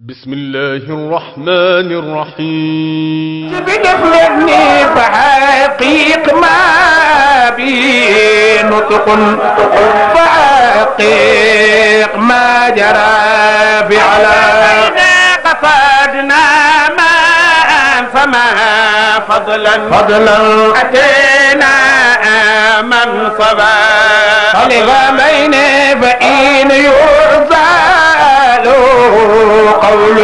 بسم الله الرحمن الرحيم بنفلني فحقيق ما بي نطق فحقيق ما جرى بعلا قصدنا ما فما فضلا فضلا أتينا من صبا طلب بيني فإن يرضى له قول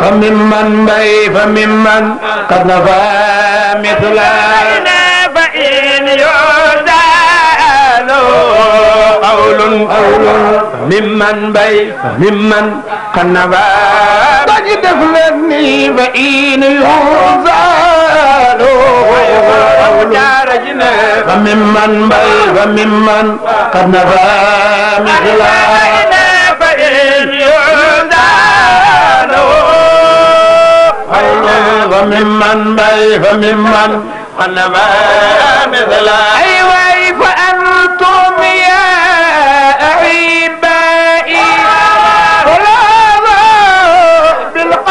فممن بي فممن قد نفى مثلا فإن يزال قول قول ممن بي ممن قد نفى تجد فلني فإن يزال فممن بي فممن قد نفى مثلا وممن بي فممن قنما مثلا أيوة فأنتم يا أعيبائي ولا بالقراء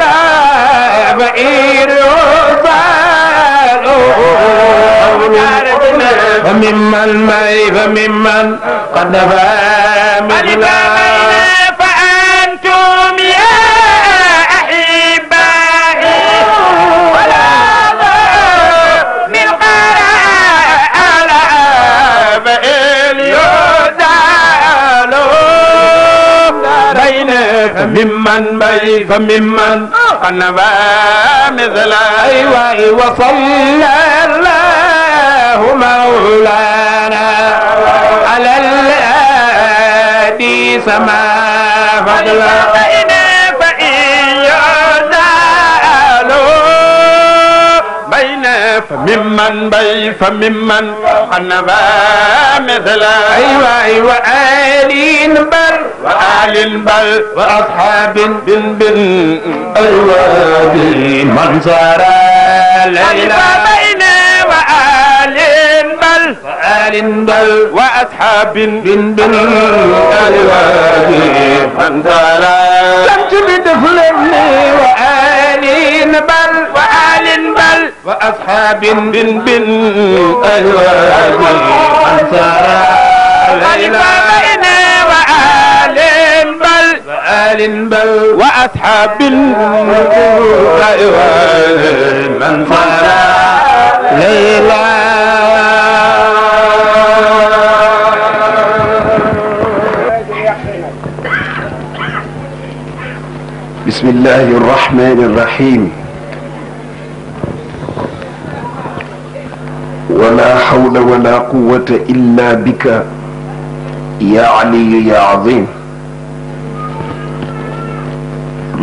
لا بعير فممن بي فممن قنما مثلا فممن بي فممن أنبى مثل أيواء وصلى الله مولانا على الآدي سما فضلا فممن بي فممن حنبا مثلا أيوة أيوة آل بل وآل بل وأصحاب بن بن أيوة بمن صار ليلا بينا وآل بل وآل بل وأصحاب بن بن أيوة بمن صار لم تبد فلمني وآل بل وأصحاب بن بن أزواج أنصار الإمامين وآل بل وآل بل وأصحاب أزواج من صار ليلى بسم الله الرحمن الرحيم ولا حول ولا قوة إلا بك يا علي يا عظيم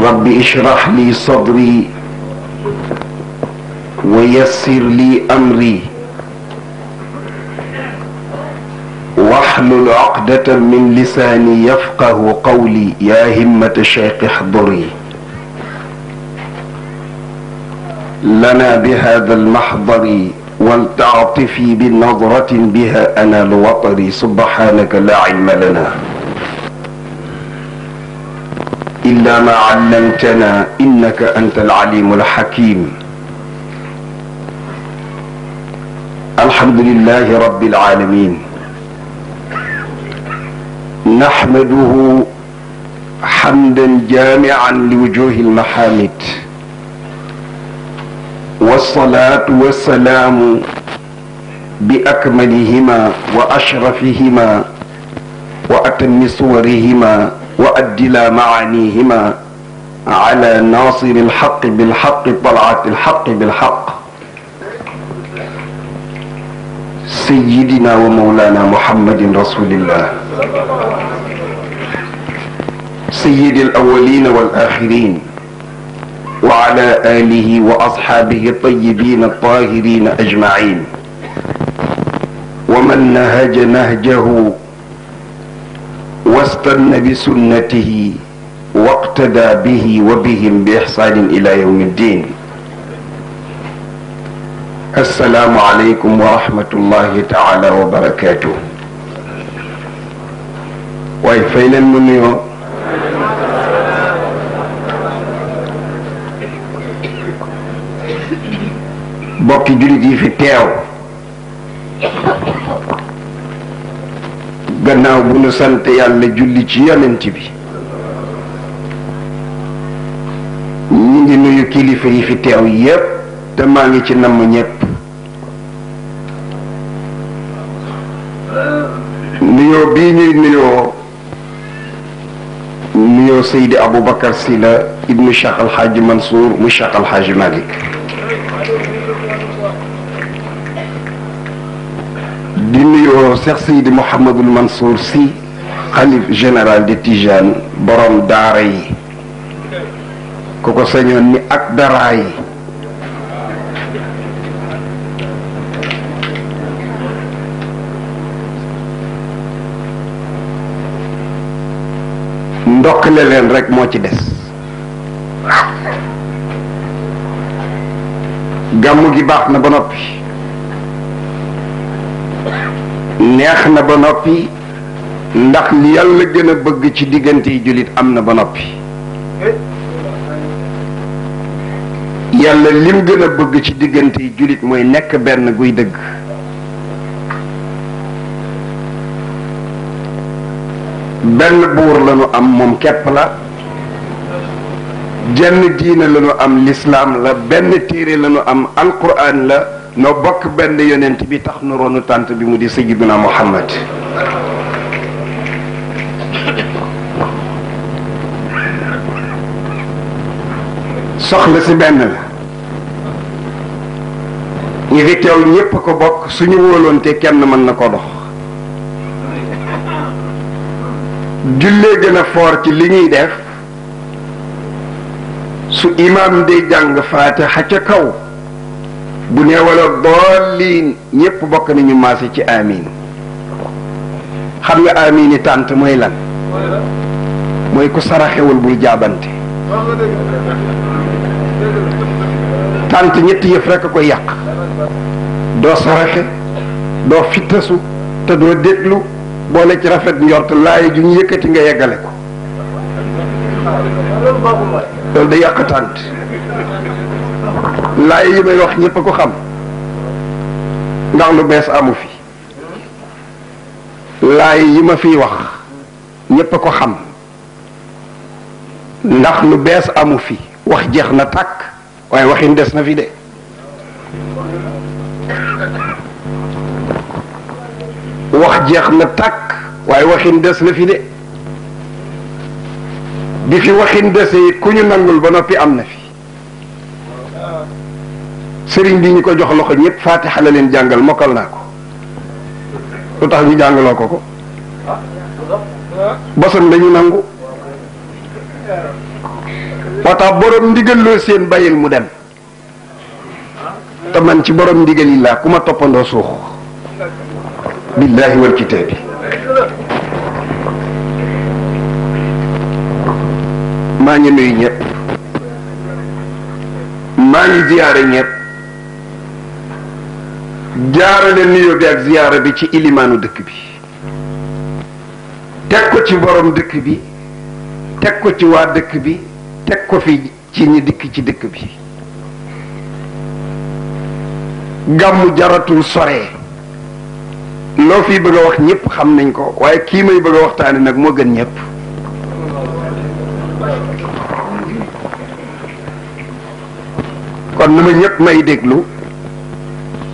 رب اشرح لي صدري ويسر لي أمري واحلل عقدة من لساني يفقه قولي يا همة الشيخ احضري لنا بهذا المحضر ولتعطفي بنظرة بها أنال وطني سبحانك لا علم لنا إلا ما علمتنا إنك أنت العليم الحكيم الحمد لله رب العالمين نحمده حمدا جامعا لوجوه المحامد والصلاة والسلام بأكملهما وأشرفهما وأتم صورهما وأدلى معانيهما على ناصر الحق بالحق طلعة الحق بالحق سيدنا ومولانا محمد رسول الله سيد الأولين والآخرين وعلى آله وأصحابه الطيبين الطاهرين أجمعين ومن نهج نهجه واستنى بسنته واقتدى به وبهم بإحسان إلى يوم الدين السلام عليكم ورحمة الله تعالى وبركاته waaye fay leen mu nuyoo mbokki jullit yi fi teew gannaaw bu nu sant yàlla julli ci yonent bi ñu ngi nuyu kilifa yi fi teew yépp te maa ngi ci namm ñépp nuyoo bii ñuy nuyoo nuyoo Seydi Aboubacar Sylla ibnu Cheikh Alxaaji Mansour mu Cheikh Alxaaji Malik di nuyoo Cheikh Seydi Mouhamadul Mansour si xalif général de Tijane boroom daara yi ku ko sañoon ni ak daraa yi ndokkale leen rek moo ci des gàmmu gi baax na ba noppi neex na ba noppi ndax li yàlla gën a bëgg ci diggante yi jullit am na ba noppi yàlla lim gën a bëgg ci diggante yi jullit mooy nekk benn guy dëgg benn buur la ñu am moom képp la jenn diine la ñu am lislaam la benn téere la ñu am alquran la noo bokk benn yonent bi tax nu tànt bi mu di sayyiduna Muhammad soxla si benn la ñi fi teew ñépp ko bokk suñu wóoloonte kenn mën na koo dox jullee gën a foor ci li ñuy def su imaam day jàng faate faatiha ca kaw bu nee bool dolliin ñépp bokk nañu maase ci amin xam nga amin yi tànt mooy lan mooy ku saraxewul bul jaabante tànt ñetti yëf rekk a koy yàq doo saraxe doo fittasu te doo déglu boole ci rafet njort laay ju ñu yëkkati nga yeggale ko loolu da yàq tànt laay yi may wax ñëpp a ko xam ndax lu bees amu fi laay yi ma fiy wax ñépp a ko xam ndax lu bees amu fi wax jeex na tàkk waaye waxin des na fi de wax jeex na tàkk waaye waxin des na fi de bi fi waxin dese ku ñu nangul ba noppi am na fi sëriñ bi ñu ko jox loxo ñëpp faatixa la leen jàngal mokkal naa ko lu tax ñu jàngaloo ko ko boson lañu nangu moo tax borom ndigal loo seen bàyyil mu dem te man ci borom ndigal yi laa ku ma toppandoo suux billaahi wal maa ngi nuyu maa ngi ziyaare ñëpp jaarale nuyoo bi ak ziyaara bi ci ilimaanu dëkk bi teg ko ci boroom dëkk bi teg ko ci waa dëkk bi teg ko fi ci ñi dikk ci dëkk bi gàmmu jaratul sore loo fi bëgg a wax ñëpp xam nañ ko waaye kii may bëgg a waxtaane nag moo gën ñëpp kon na ma ñëpp may déglu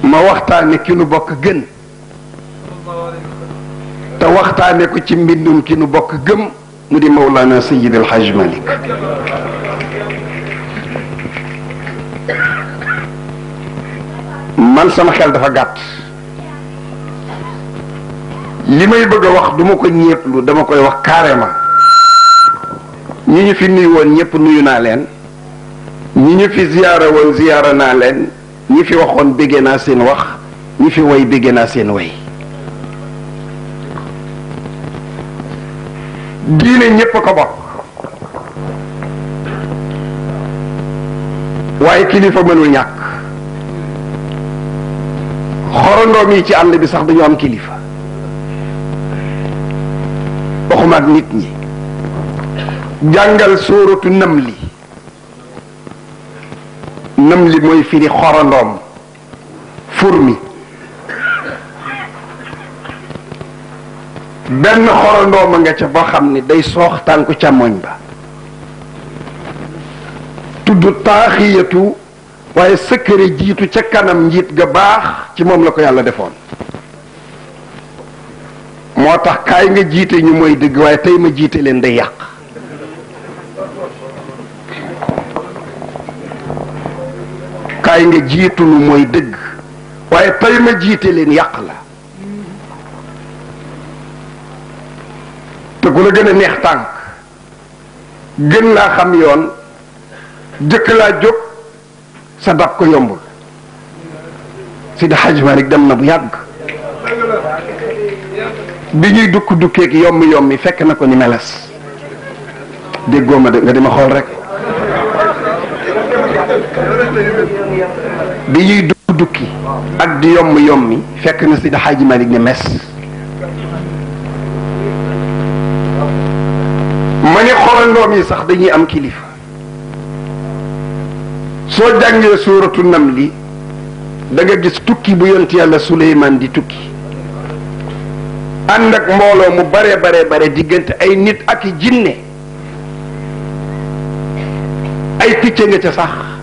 ma waxtaane ki nu bokk gën te waxtaane ko ci mbindum ki nu bokk gëm mu di Mawlana Sayyid El Hadj Malick man sama xel dafa gàtt li may bëgg a wax duma ma ko ñépplu dama koy wax carrément ñi ñu fi nuyu woon ñépp nuyu naa leen ñi ñu fi ziyaara woon ziyaara naa leen ñi fi waxoon béggee naa seen wax ñi fi woy béggee naa seen woy diine ñépp ko bokk waaye kilifa mënul ñàkk xorondoom yi ci àll bi sax dañu am kilifa waxuma nit ñi jàngal sóoratu namli nam li mooy firi xorandoom fur mi benn xorandoom a nga ca boo xam ni day soox tànku càmmoñ ba tudd taaxiyatu waaye sëkkëre jiitu ca kanam njiit ga baax ci moom la ko yàlla defoon moo tax kaay nga jiite ñu mooy dëgg waaye tey ma jiite leen day yàq kaay nga jiitu nu mooy dëgg waaye pare ma jiite leen yàq la te ku la gën a neex tànk gën laa xam yoon jëkk laa jóg sa dab ko yombul si da Hajj Malik dem na bu yàgg bi ñuy dukk dukkeek yomb yomb fekk na ko ni meles déggoo ma de nga dima xool rek bi ñuy dugg dukki ak di yomb yommi fekk na si daxaaji Malick ne mes ma ne xorandoom yi sax dañuy am kilifa soo jàngee suuratu nam li danga gis tukki bu yont yàlla Suleymaan di tukki ànd ak mbooloo mu bare bare bare diggante ay nit ak i jinne ay picc nga ca sax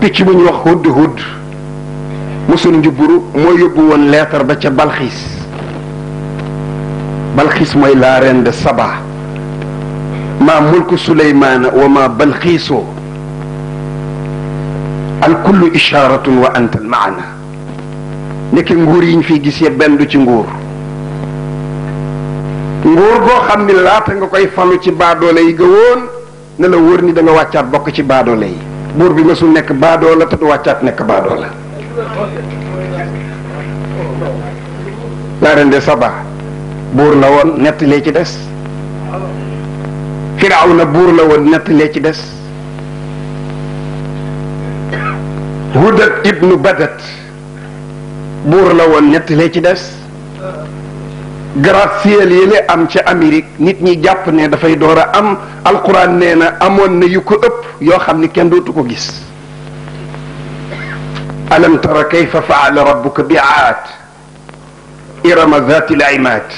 picc bu ñuy wax hudd hudd mosul njubburu moo yóbbu woon leetar ba ca balxiis balxiis mooy la reine de Saba maa mulku suleymaana wa maa balxiisoo al kullu ishaaratun wa antal maana nekk nguur yi ñu fiy gis yëpp benn ci nguur nguur boo xam ni laata nga koy falu ci baadoole yi nga woon ne la wóor ni da nga wàccaat bokk ci baadoole yi buur bi mësul nekk baadoo la te du wàccaat nekk baadoo la laa ren de saba buur la woon nett lee ci des firaaw na buur la woon nett lee ci des hudat ibnu badat buur la woon nett lee ci des gratte-ciel am ca Amérique nit ñi jàpp ne dafay door a am alquran nee na amoon na yu ko ëpp yoo xam ni kenn dootu ko gis alam tara kayfa faala rabbuka bi aad irama zati l imaad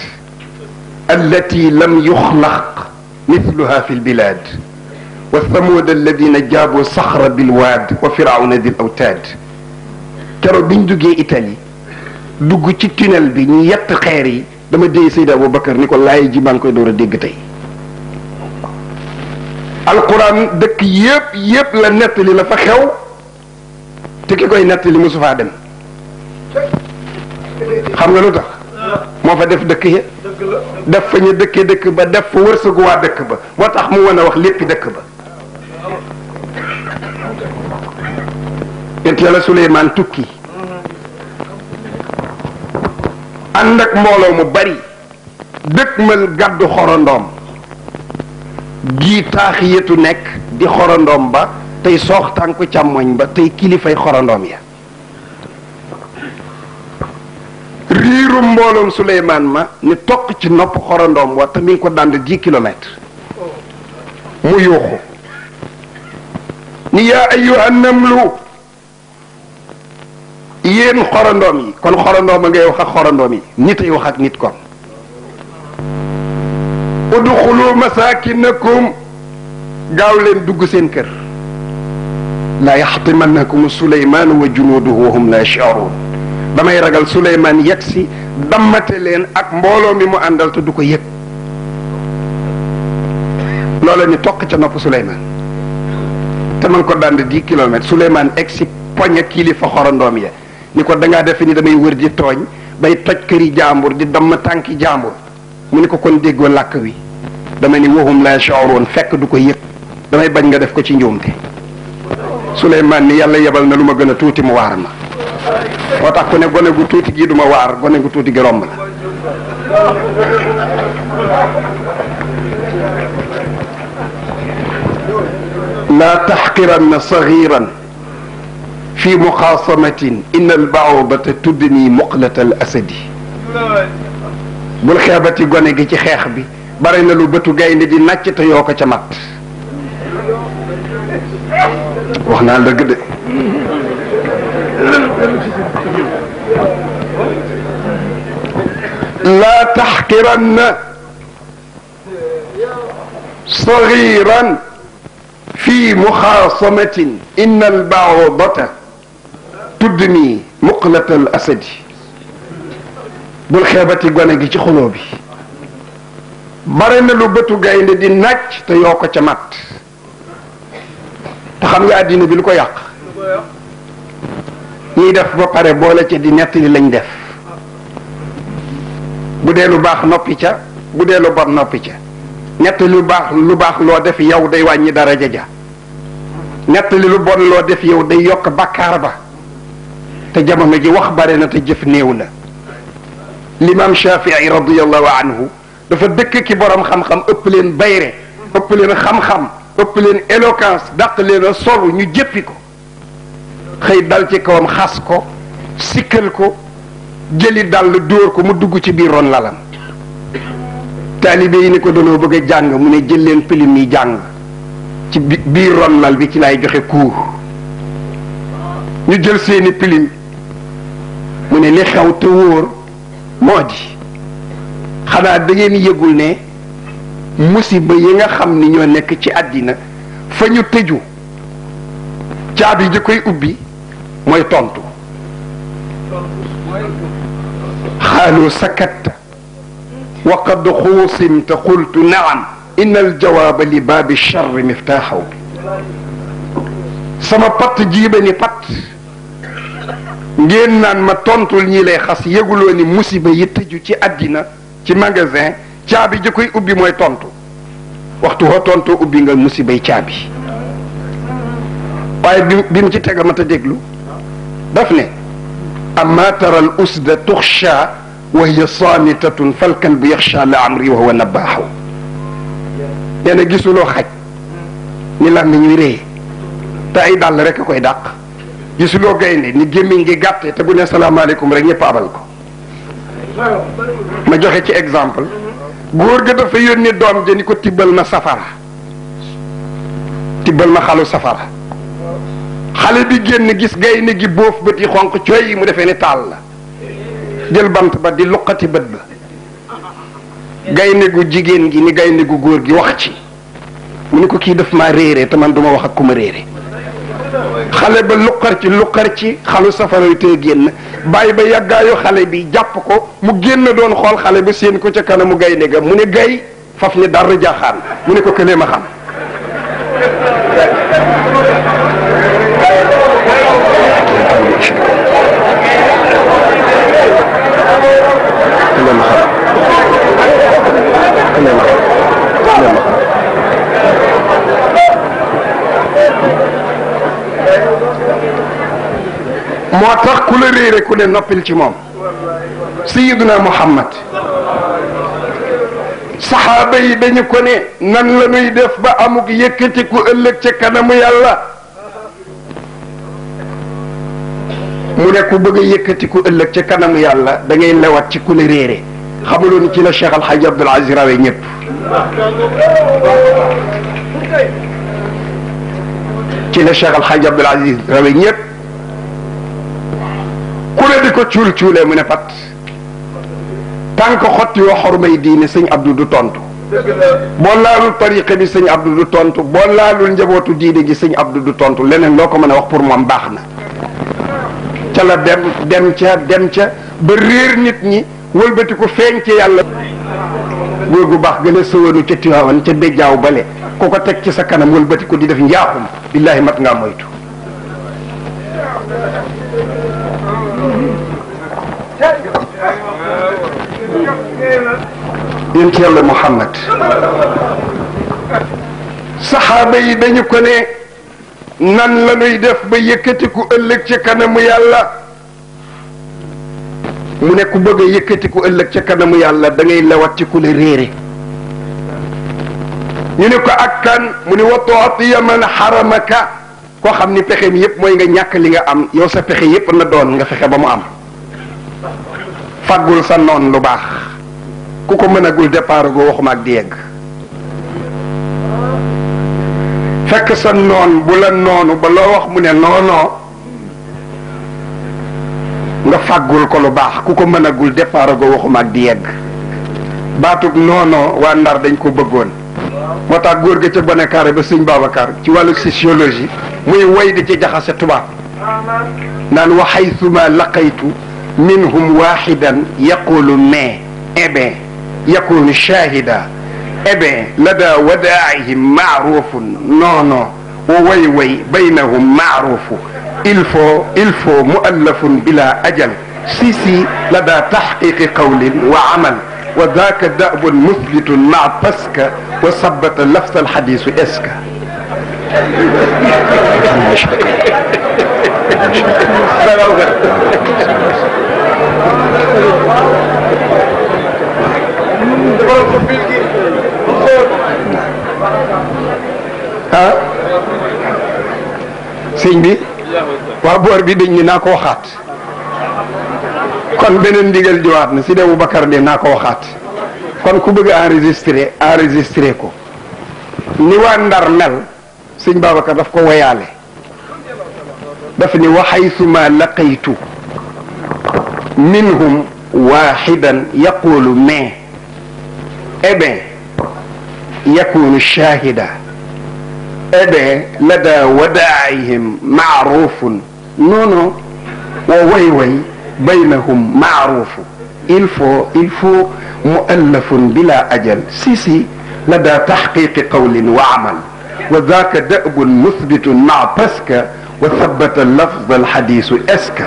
allati lam yuxlaq mithluha fi lbilad wa thamuda alladina jaabu saxra bilwaad wa firauna di l awtaad kero biñ duggee Italie dugg ci tunnel bi ñu yi dama déy Seydou Aboubacar ni ko laay ji maa ngi koy door a dégg tey alquran dëkk yépp yépp la nettali la fa xew te ki koy nettali mosu faa dem xam nga lu tax moo fa def dëkk ya def fa ñu dëkkee dëkk ba def fa wërsëgu waa dëkk ba moo tax mu mën a wax léppi dëkk ba yent yàlla Suleymaan tukki ànd ak mbooloo mu bari dëkkmal gàddu xorondoom gii taax yetu nekk di xorondoom ba tey soox tànku càmmoñ ba tey kilifay xorondoom ya riiru mbooloom Suleymaan ma ni toq ci nopp xorondoom wa te mi ngi ko dànd dix kilomètres mu yuuxu ni yaa ayyuhan namlu yéen xorandoom yi kon xorandoom a ngay wax ak xorandoom yi nit yi wax ak nit kon udxulu masakinakum gaaw leen dugg seen kër laa yaxtimannakum suleymaan wa junuuduhu wa hum laa yash'uruun damay ragal suleymaan yegg si dammate leen ak mbooloo mi mu àndal te du ko yëg loola ñu toq ca nopp suleymaan te man ko dànd dix kilomètres suleymaan egg poñe kilifa xorandoom ya ni ko da ngaa ni damay wër di tooñ bay toj këri jaambur di damm tànki jaambur mu ni ko kon déggoo làkk wi dama ni waxum la sha'urun fekk du ko yëg damay bañ nga def ko ci njuumte Suleymaan ni yàlla yebal na lu ma gën a tuuti mu waar ma moo tax ko ne gone gu tuuti gi du ma waar gone gu tuuti gi romb la laa taxqiranna saxiran fi muxaasamatin inna albaodata tuddnii muqlata al asadi bul xeebati gone gi ci xeex bi bare na lu bëtu gaynde di nàcc te yoo ko ca mat wax naa dëgg de laa taxqiranna sagiran fi muxaasamatin inna albaodata tudd nii muqlatal asadi bul xeebati gone gi ci xuloo bi bare na lu bëtu gaynde di nàcc te yoo ko ca mat te xam nga àddina bi lu ko yàq ñuy def ba pare boole ca di nettali lañ def bu dee lu baax noppi ca bu dee lu bon noppi ca nettali lu baax lu baax loo def yow day wàññi daraja ja nettali lu bon loo def yow day yokk bakkaar ba te jamono ji wax bare na te jëf néew na limaam Shafii radiallahu anhu dafa dëkk ki borom xam-xam ëpp leen bayre ëpp leen xam ëpp leen éloquence dàq leen a ñu jëppi ko xëy dal ci kawam xas ko sikkal ko jëli dal dóor ko mu dugg ci biir ron lalam taalibe yi ni ko danoo bëgg jàng mu ne jël leen pilim yi jàng ci ron lal bi ci lay joxe cours ñu jël seeni pilim mu ne li xew te wóor moo di xanaa da ngeen yëgul ne ba yi nga xam ni ñoo nekk ci àddina fa ñu tëju caabi ji koy ubbi mooy tontu xaalu sakatta wa qad xuusimta qultu naam inna aljawaaba li baabi charri miftaaxaw bi sama patt jiiba ni patt ngeen naan ma tontu ñi lay xas yëguloo ni musiba yi tëju ci addina ci magasin caabi ji koy ubbi mooy tontu waxtu wa tontu ubbi nga musibay caabi waaye bi bi mu ci tega mat a déglu daf ne amma tara al usda tuxsha wa hiya saamitatun falkan bu yaxsha la amri wa huwa nabaaxaw nee na gisuloo xaj ni làmmiñ wi ree te ay dàll rek a koy dàq gisuloo gaynde ni gémmiñ gi gàtte te bu ne salaamaaleykum rek ñëpp abal ko ma joxe ci exemple góor ga dafa yónni doom ja ni ko tibbal ma safara tibbal ma xalu safara xale bi génn gis gaynde gi boof bët yi xonq cooy mu defee ne taal la jël bant ba di luqati bët ba gaynde gu jigéen gi ni gaynde gu góor gi wax ci mu ni ko kii dafa ma réere te man duma wax ak ku ma réere xale ba luqar ci luqar ci xalu safara yu tee génn bàyyi ba yàggaayu xale bi jàpp ko mu génn doon xool xale ba séen ko ca kanamu gaynde ga mu ne gay faf ni dara jaaxaan mu ne ko këlee xam këlee xam moo tax ku la réere ku ne noppil ci moom sayiduna muhammad saxaaba yi dañu ko ne nan la ñuy def ba amuk yëkkati ku ëllëg ca kanamu yàlla mu ne ku bëgg a yëkkati ku ëllëg ca kanamu yàlla da ngay lewat ci ku la réere xamuloon ci la Cheikh Al Hadj Abdoul Aziz rawe ñëpp ci la Cheikh Al Hadj Abdoul Aziz rawe ñëpp ko cuul cuulee mu ne patt tànk xott yoo xormay diine sëñ Abdou du tontu boo laalul bi sëñ Abdou du tontu boo njabootu diine gi sëñ Abdou du tontu leneen loo ko mën a wax pour moom baax na ca la dem dem ca dem ca ba réer nit ñi wëlbati ko feeñ ci yàlla góor gu baax gën a sëwanu ca Tiwaawan ca béjjaaw bale ku ko teg ci sa kanam wëlbati ko di def njaaxum billaahi mat ngaa moytu yéen ci yàlla Muhammad saxaaba yi dañu ko ne nan la ñuy def ba yëkkatiku ëllëg ca kanamu yàlla mu ne ku bëgg a yëkkatiku ëllëg ca kanamu yàlla da ngay lawatiku le réere ñu ne ko ak kan mu ne wa tuatiya man xaramaka koo xam ni pexeem yépp mooy nga ñàkk li nga am yow sa pexe yépp na doon nga fexe ba mu am faggul sa noon lu baax ku ko mën agul départ goo waxuma ak di yegg fekk sa noon bu la noonu ba loo wax mu ne noonoo nga faggul ko lu baax ku ko mën agul départ goo waxuma ak di yegg baatub noonoo waa ndar dañ ko bëggoon moo tax góor ga ca bonekaare ba sëñ Babacar ci wàllu sociologie muy woy di ci jaxase tubaab naan waxay suma laqaytu minhum waxidan yaqulu mais eh bien yakunu shahida eh bien lada wadaa'ihim maarufun non non wa way way baynahum maarufu il faut il faut muallafun bila ajal si si lada taxqiqi qawlin wa amal wa daaka dabun musbitun maa paska wa sabata lafsa alxadisu eska ah sëñ bi waa boor bi dañ ni naa ko waxaat kon beneen ndigal jiwaat na si debu Bakar de naa ko waxaat kon ku bëgg enregistré enregistré ko ni waa Ndar mel sëñ Babacar daf ko woyaale daf ni wa xaysuma laqaytu minhum waaxidan yaqulu mais eh bien yakunu shahida eh bien lada wadaa'ihim maarufun non non wa way way baynahum maarufu il faut il faut muallafun bila ajal si si lada taxqiqi qawlin wa amal wa zaaka da'bun musbitun maa parce que wa thabata lafz al hadisu est-ce que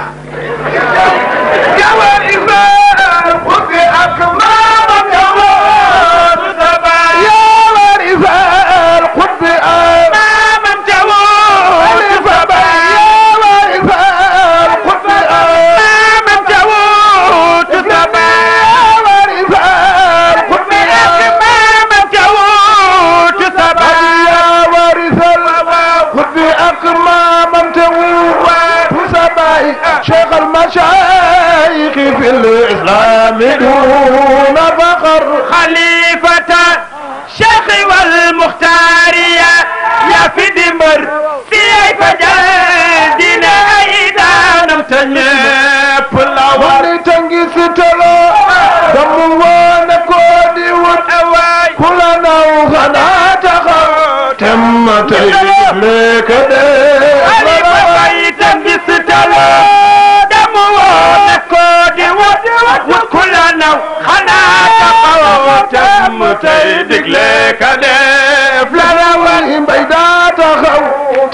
di digle ka def la rawal yi mbay daa taxaw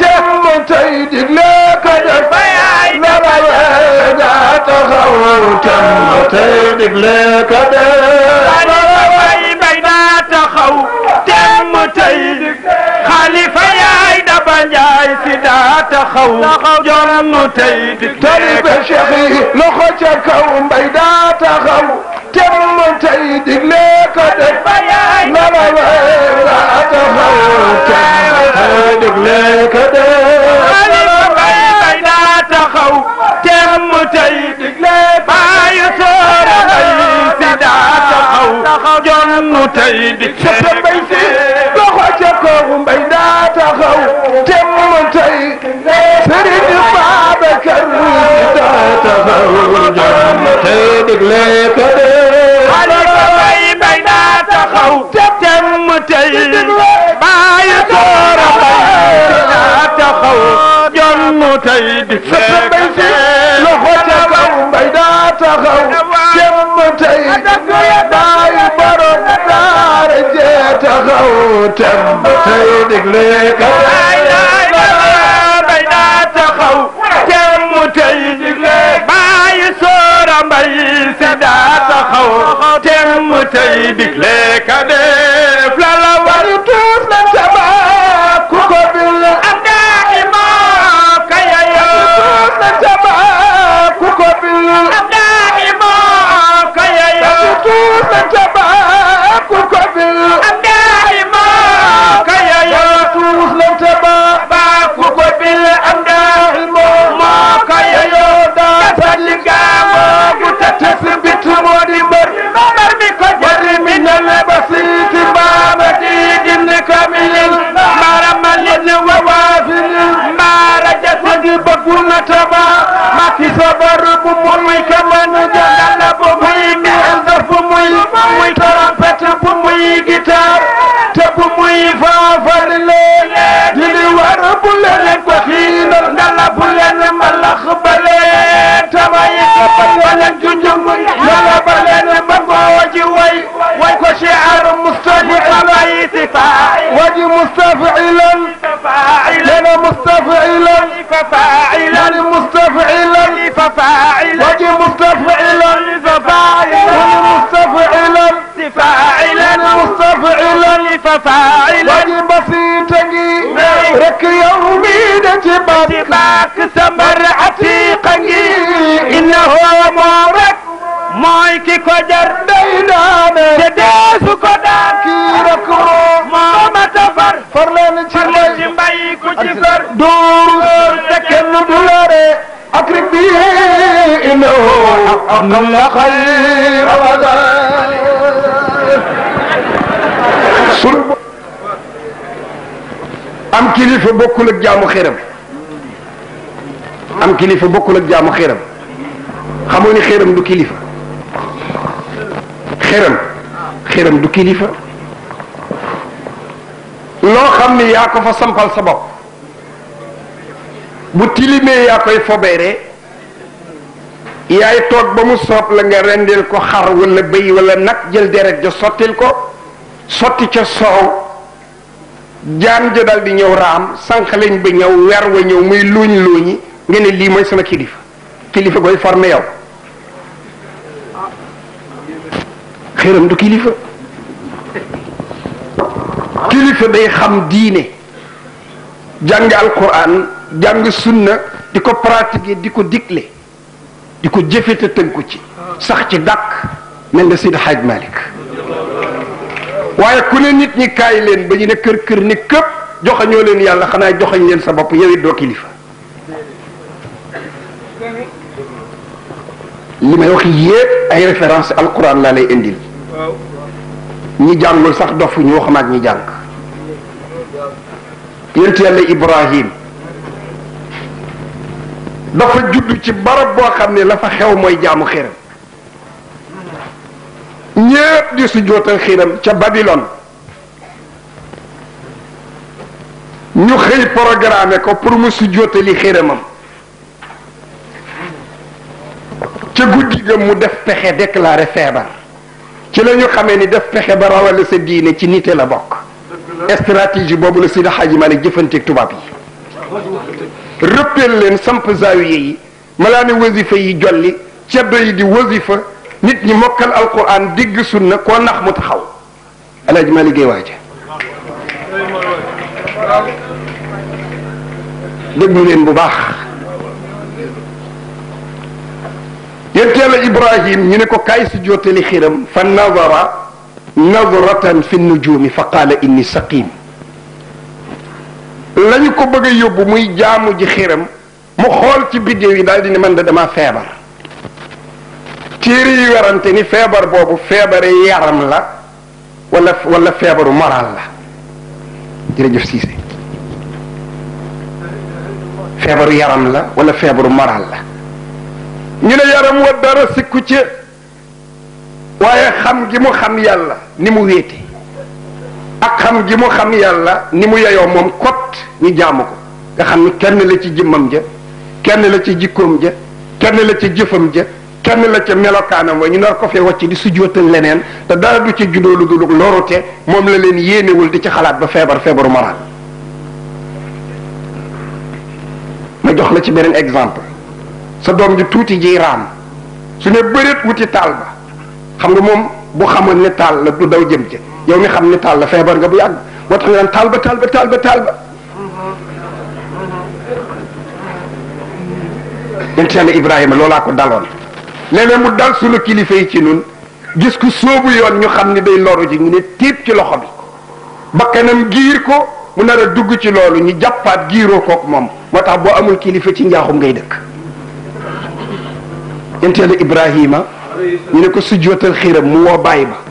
tem mu tey digle ka def la rawal daa taxaw tem mu tey digle ka def la rawal yi mbay daa taxaw tem mu tey xalifa yaay daba njaay si daa taxaw jom mu tey digle talibe cheikh yi loxo ca kaw mbay daa taxaw tem mu tey digle léegi taxaw temm tey bàyyi toora bay daa taxaw jonn tey di fekk loxo ca kaw mbay daa taxaw temm tey bàyyi borom daara jee taxaw temm tey digle ka dem tey digle ka def la la war أنا مستفعلا ففاعلا أنا مستفعلا ففاعلا وجه مستفعلا ففاعلا أنا مستفعلا ففاعلا أنا مستفعلا ففاعلا وجه بسيطني رك يومي دجبات باك سمر عتيقني إنه مبارك mooy ki ko jar. day daane. te deesu ko daan. kii rek moo. moo ma tafar. far leen ci. دور تكن دولاري أقرب به إنه حقا خير وزير am kilifa bokkul ak jaamu xéram am kilifa bokkul ak jaamu xéram xamoo ni xéram du kilifa xéram du kilifa loo xam ni fa sampal sa bopp bu tilimee yaa koy fobeere yaay toog ba mu soob la nga rendil ko xar wala bëy wala nag jël deret ja sottil ko sotti ca soow jaan ja dal di ñëw raam sànq lañ ba ñëw weer wa ñëw muy luuñ luuñi nga ne lii mooy sama kilifa kilifa koy formé yow xëram du kilifa kilifa day xam diine jàng alquran jàng sunna di ko pratiquer di ko digle di ko jëfete te tënku ci sax ci dàq mel na Seydi Hadj Malick waaye ku ne nit ñi kaay leen ba ñu ne kër kër ni këpp joxañoo leen yàlla xanaa joxañ leen sa bopp yow doo kilifa li may wax yépp ay référence alquran laa lay indil ñi jàngul sax dofu ñu waxamaat ñi jàng yent yàlla Ibrahim dafa judd ci barab boo xam ne la fa xew mooy jaamu xiram ñépp di su jootal ca Babylone ñu xëy programme ko pour mu su jootali ca guddi ga mu def pexe déclaré feebar ci la ñu xamee ni def pexe ba rawale sa diine ci nite la bokk stratégie boobu la Seydi ma Malick jëfanteeg tubaab yi rëppeel leen samp zaawiye yi malaane wasifa yi jolli ceddo di wasifa nit ñi mokkal alquran digg sunna koo nax mu taxaw alaaji maa liggéey waaja déglu leen bu baax yent yàlla ibrahim ñu ne ko kaay su jootali xiram fa nadara nadratan fi nujuumi fa qaala inni saqim lañu ko bëgg yóbbu muy jaamu ji xiram mu xool ci biddéew yi daal di ne man da dama feebar téere yu werante ni feebar boobu feebare yaram la wala wala feebaru moral la jërëjëf Cissé feebaru yaram la wala feebaru moral la ñu ne yaram wa dara sikku ci waaye xam gi mu xam yàlla ni mu wéete ak xam gi mu xam yàlla ni mu yeyoo moom kot ñu jaamu ko nga xam ni kenn la ci jëmmam ja kenn la ci jikkoom ja kenn la ci jëfam ja kenn la ca melokaanam wa ñu nar ko fee wàcc di sujjóotal leneen te dara du ci juddoo lu dul lorute moom la leen yéenewul di ci xalaat ba feebar feebaru moral ma jox la ci beneen exemple sa doom ji tuuti jiy raam su ne bëreet wuti taal ba xam nga moom bu xamoon ne taal la du daw jëm ca yow mi xam ni taal la feebar nga bu yàgg moo tax ñu naan taal ba taal ba taal Ibrahima loolaa ko daloon léeg mu dal sunu kilifa yi ci nun gis ku sóobu yoon ñu xam ne day loru ji ñu ne tiib ci loxo bi bakkanam giir ko mu nar dugg ci loolu ñu jàppaat giiroo kook moom moo tax boo amul kilifa ci njaaxum ngay dëkk yenteelu Ibrahima ñu ne ko sujjootal xiram mu woo bàyyi ba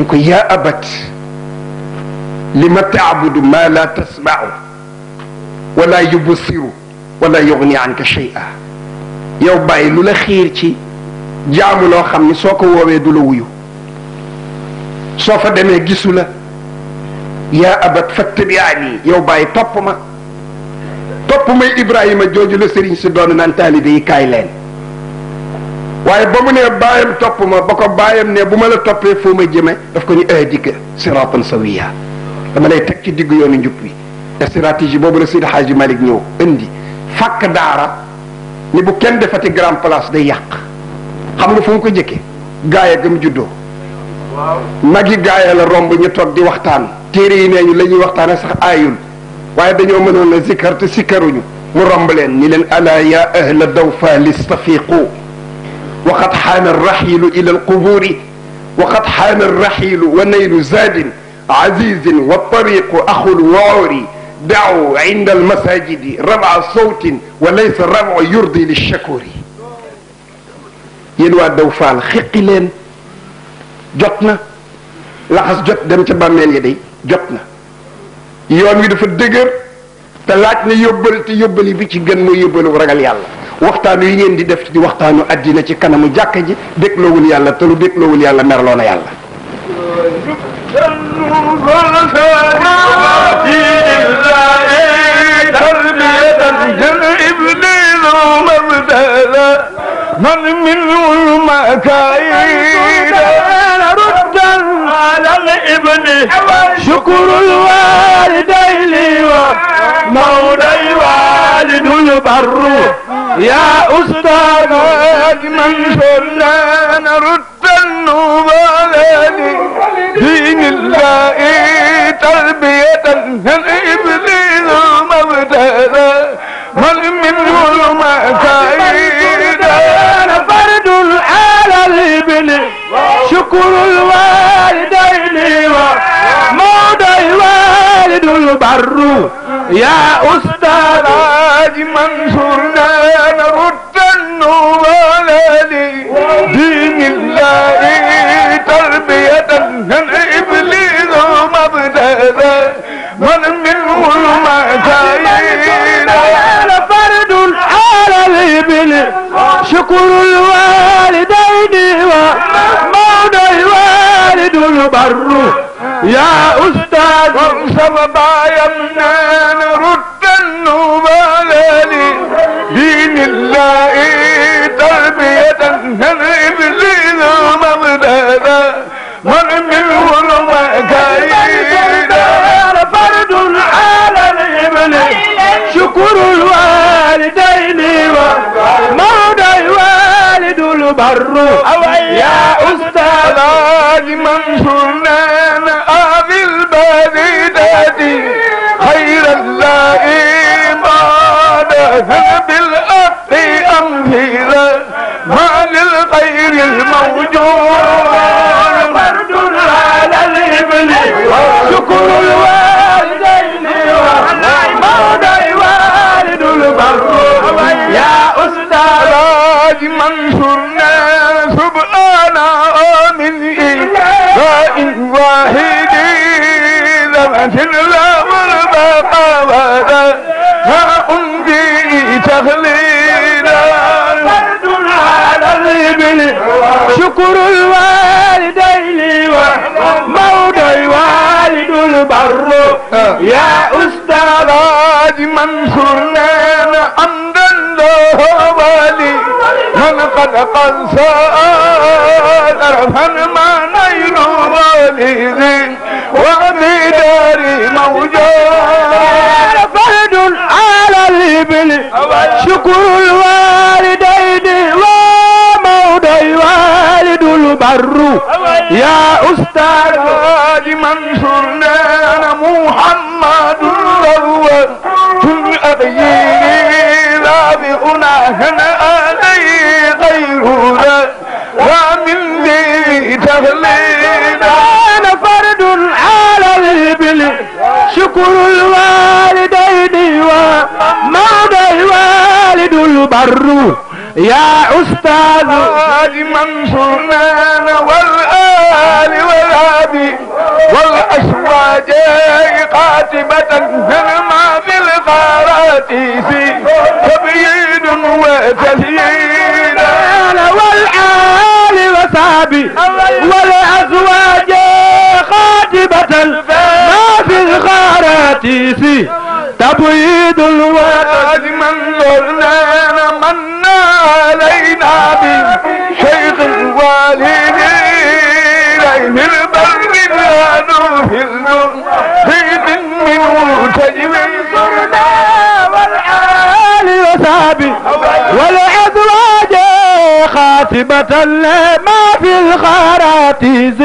ñu ko yaa abat li ma taabudu ma la tasmau wala yubsiru wala yugni anka shay'a yow bàyyi lu la xiir ci jaamu loo xam ni soo ko woowee du la wuyu soo fa demee gisu la yaa abat fattabi'ani yow bàyyi topp ma topp may Ibrahima jooju la sëriñ si doon naan taalibe yi kaay leen waaye ba mu ne baayam topp ma ba ko bu ma la toppee foo ma jëme daf ko ñu ahdika eh, siratan sawiya dama lay teg ci diggu yoonu njub bi boobu la Seydi Hadji Malick ñëw indi fàkk daara ni bu kenn defati grand place day yàq xam nga fu mu ko jëkkee gaaya gëm juddoo mag yi gaaya la romb ñu di waxtaan téere yi nee ñu la ñuy waxtaane sax ayul waaye dañoo mënoon a zikkar te sikkaruñu mu romb leen ni leen ala ya ahla daw fa listafiqu وقد حان الرحيل إلى القبور وقد حان الرحيل ونيل زاد عزيز والطريق أخو الوعور دعوا عند المساجد ربع صوت وليس الربع يرضي للشكور yéen waa daw faal xeqi leen jot na laxas jot dem ca bàmmeel ya day jot na yoon wi dafa dëgër te laaj na yóbbal te yóbbali bi ci gën mooy yóbbalu ragal yàlla waxtaanu yi ngeen di def di waxtaanu addina ci kanamu jàkka ji dégloowul yàlla te lu dégloowul yàlla merloo na yàlla نرم المكايد ردا على الابن شكر الوالدين ومولى الوالد البر يا أستاذ من سلان رد النوم على دين الله تربية من إبليس مبدأ شكر الوالدين ومولى الوالد البر يا أستاذ هادي منصورنا نرد النور لدي دين الله تربية من إبليس مبتدا من منه المسايين فرد على الإبل شكر الوالدين ومولى بر يا أستاذ وانصب بايا منان رد النوبة بر يا أستاذ منصورنا أبي البلدات خير اللئيم ذنب الأرض أمثيلا ما للغير الموجود برد على الإبل شكر الوالدين والنعمان والد البر يا أستاذ منصورنا شكر الوالدين وموضع والد البر يا أستاذ منصورنا عمدا له والي من قد قد سأل أرفا ما والدي وفي داري موجود فرد على الابل شكر الوالدين وموضي والد البر يا استاذ منصورنا محمد الله تن ابيني لا بغنى هنا شكر الوالدين ومدى الوالد البر يا أستاذ هادي منصور والآل والهادي والأشواج قاتبة هنما بالخراتيس تبييد وتسييد أنا والآل وصحبي والأزواج قاتبة الواتيسي تبويد الواد من لنا من علينا بشيخ الوالد إليه البر الآن في النور زيد منه تجمع الصرداء والعالي وسابي والعالي عاتبة لما في الخراتيز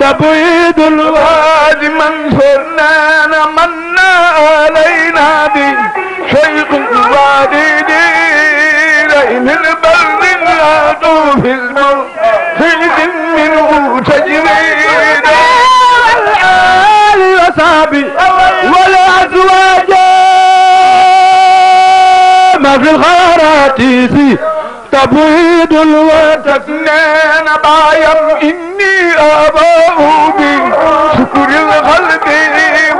تبيد الواد من فنان منا علينا بي شيخ الوادي دين البرد العدو في الموت في منه تجري والآل وصحبه والأزواج ما في الخراتيز تبيد وتفنان بايم إني آباء بشكر القلب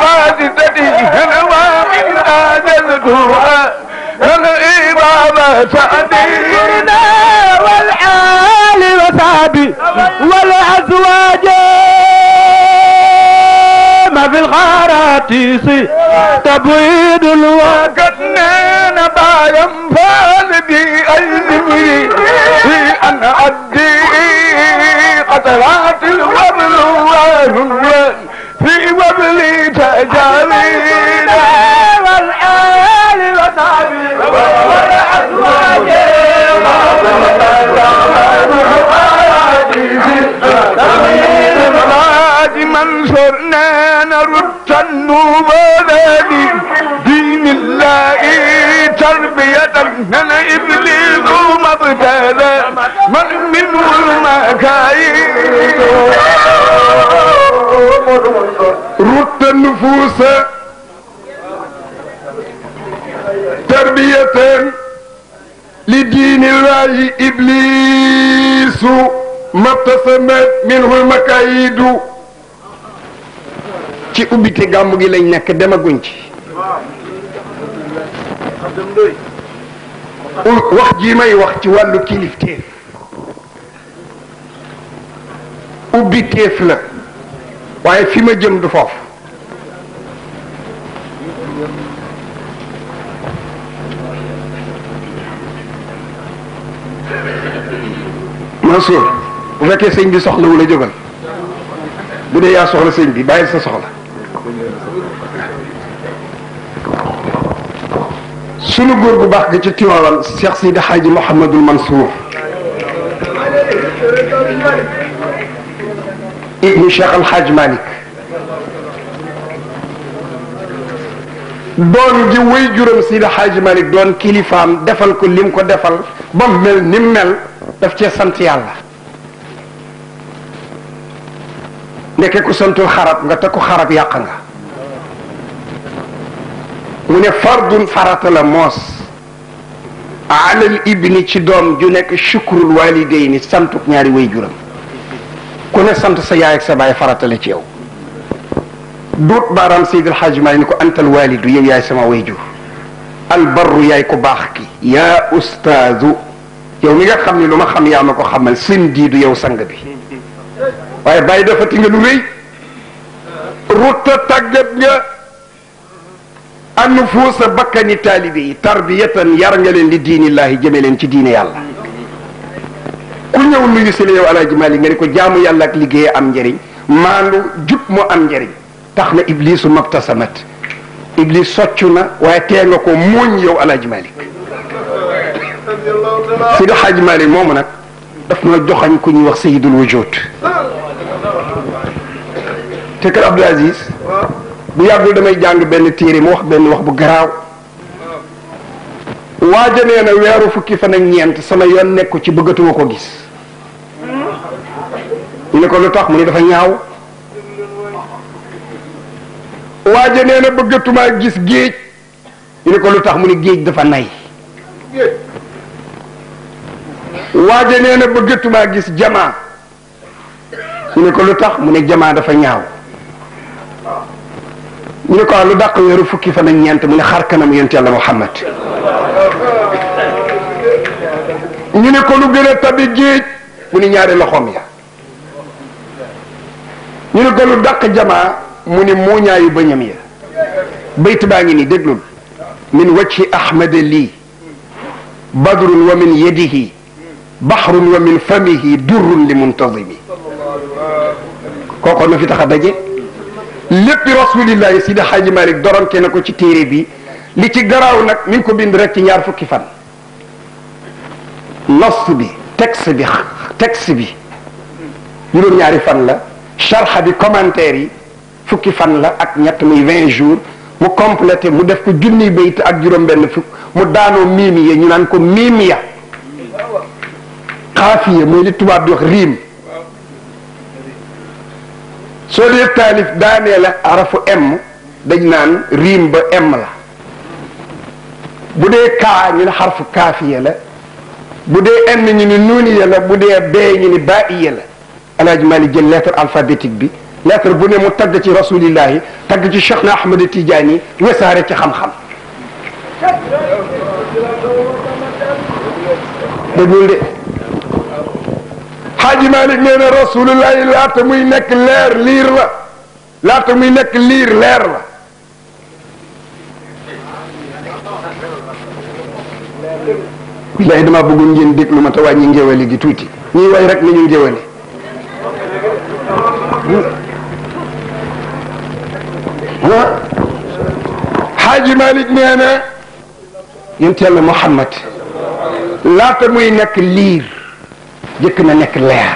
وازدني هنوى من هذا الدعاء الإمام سعدي والآل وصحبي والأزواج ما في الغار مغناطيسي تبويد الوقت نانا بايم فالبي أيدي في أن أدي قطرات الوبل وهن في وبلي تجاريد والآل وصحبي والأزواج منصور نانا رد مدني دين الله تربية من إبليس مبتلى من منه المكايد رد النفوس تربية لدين الله إبليس ما ابتسمت منه المكايد ci ubbite gàmmu gi lañ nekk demaguñ ci wax ji may wax ci wàllu kilifteef ubbiteef la waaye fi ma jëm du foofu Mansour bu fekkee sëñ bi soxla wu la jógal bu dee yaa soxla sëñ bi bàyyil sa soxla sunu góor bu baax ga ci Tiwaawan Cheikh Sidi Hadji Mouhamadul Mansour ibnu Cheikh Al Hadj Malick doon ji wéy juróom Sidi Hadji doon kilifam defal ko lim ko defal ba mu mel ni mu mel daf cee sant yàlla ndeke ku santul xarab nga te ku xarab yàq nga mu ne fardun farata la moos alal ibni ci doom ju nekk chukrul walidayni santuk ñaari way juram ku ne sant sa yaay sa baay farata ci yow duut baaraam Seydil Hadj Malick ni ko antal walidu yow yaay sama way jur albarru yaay ko baax ki yaa ustaazu yow mi nga xam ni lu ma xam yaa ma ko xamal sin diidu yow sang bi waaye bàyyi dafa ti lu rëy ruta tàggat nga annufuusa bakkani taalibe yi tarbiyatan yar nga leen li diinillaahi jëme leen ci diine yàlla ku ñëw nuyu si la yow alaaji Maalik nga ne ko jaamu yàlla ak liggéey am njëriñ maandu jub moo am njëriñ tax na iblisu mabtasamat iblis soccu na waaye tee nga ko mooñ yow alaaji Maalik si nag daf na joxañ ku ñuy wax sayidul bu yàggul damay jàng benn téere mu wax benn wax bu garaaw waaja nee na weeru fukki fan ak ñeent sama yoon nekku ci bëggatuma ko gis ñu ne ko lu tax mu ne dafa ñaaw waaja nee na gis géej ñu ne ko lu tax mu ne géej dafa nay waaja nee na bëggatumaa gis jamaa ñu ne ko lu tax mu ne jamaa dafa ñaaw ñu ne ko ah, lu dàq weeru fukki fan ak ñeent mu ne xar kanam yonent yàlla Muhammad ñu ne ko lu gën a mu ne ñaari loxoom ya ñu ne ko lu dàq jamaa mu ne mooñaayu bëñam ya bayt baa ngi nii déglul min wajhi ahmada lii badrun wa min yadihi bahrun wa min famihi durrun li muntazimi kooku na léppi rasulillahi sidi haaji malik doronte na ko ci téere bi li ci garaaw nag mi ngi ko bind rek ci ñaar fukki fan nos bi texte bi texte bi juróom-ñaari fan la charxa bi commentaire yi fukki fan la ak ñett muy vingt jours mu complété mu def ko junniy bayt ak juróom-benn fukk mu daanoo miimiya ñu naan ko miimiya xaafiya mooy li tubaab di wax riim soo dee taalif daanee la arafu m dañ naan riim ba m la bu dee kaa ñu ne xarfu kaafiya la bu dee m ñu ne nuuniya bu dee bee ñu ne baa'iya la alaaj Maali jël lettre alphabétique bi lettre bu ne mu tagg ci rasulillahi tagg ci Cheikh na Ahmad Tidiane yi wesaare ci xam-xam dégul de xaaji Malick nee na rasulullahi laata muy nekk leer liir la laata muy nekk liir leer la billahi dama bëggoon ngeen déglu ma te wàññi ngéwali gi tuuti ñuy way rek ni ñu ngéwali xaaji Malick nee na yéen Muhammad laata muy nekk liir jëkk na nekk leer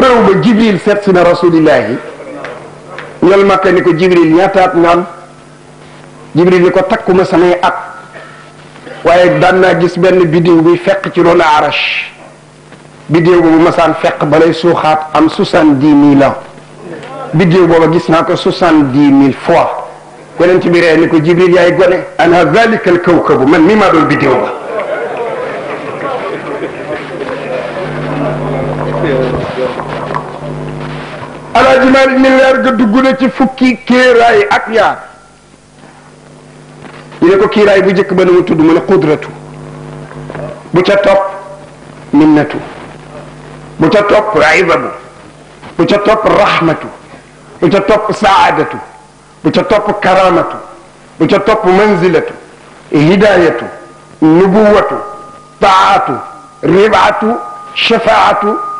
réew ba jibril seet si na rasulillahi ñol makka ni ko jibril ñaataat naam jibril ni ko takkuma samay at waaye daan naa gis benn biddiw buy feq ci loolu arash biddiw boobu masaan fekk balay suuxaat am soixante-dix mille ans biddiw booba gis naa ko soixante-dix mille fois yonent bi ree ni ko jibril yaay gone ana zalika al man mi maa doon biddiw alaaji Maalik ni leer ga dugg na ci fukki kiiraay ak ñaar ñu ne ko kiiraay bu njëkk ba na mu tudd mu ne qudratu bu ca topp minnatu bu ca topp raybatu bu ca topp rahmatu bu ca topp saadatu bu ca topp karamatu bu ca topp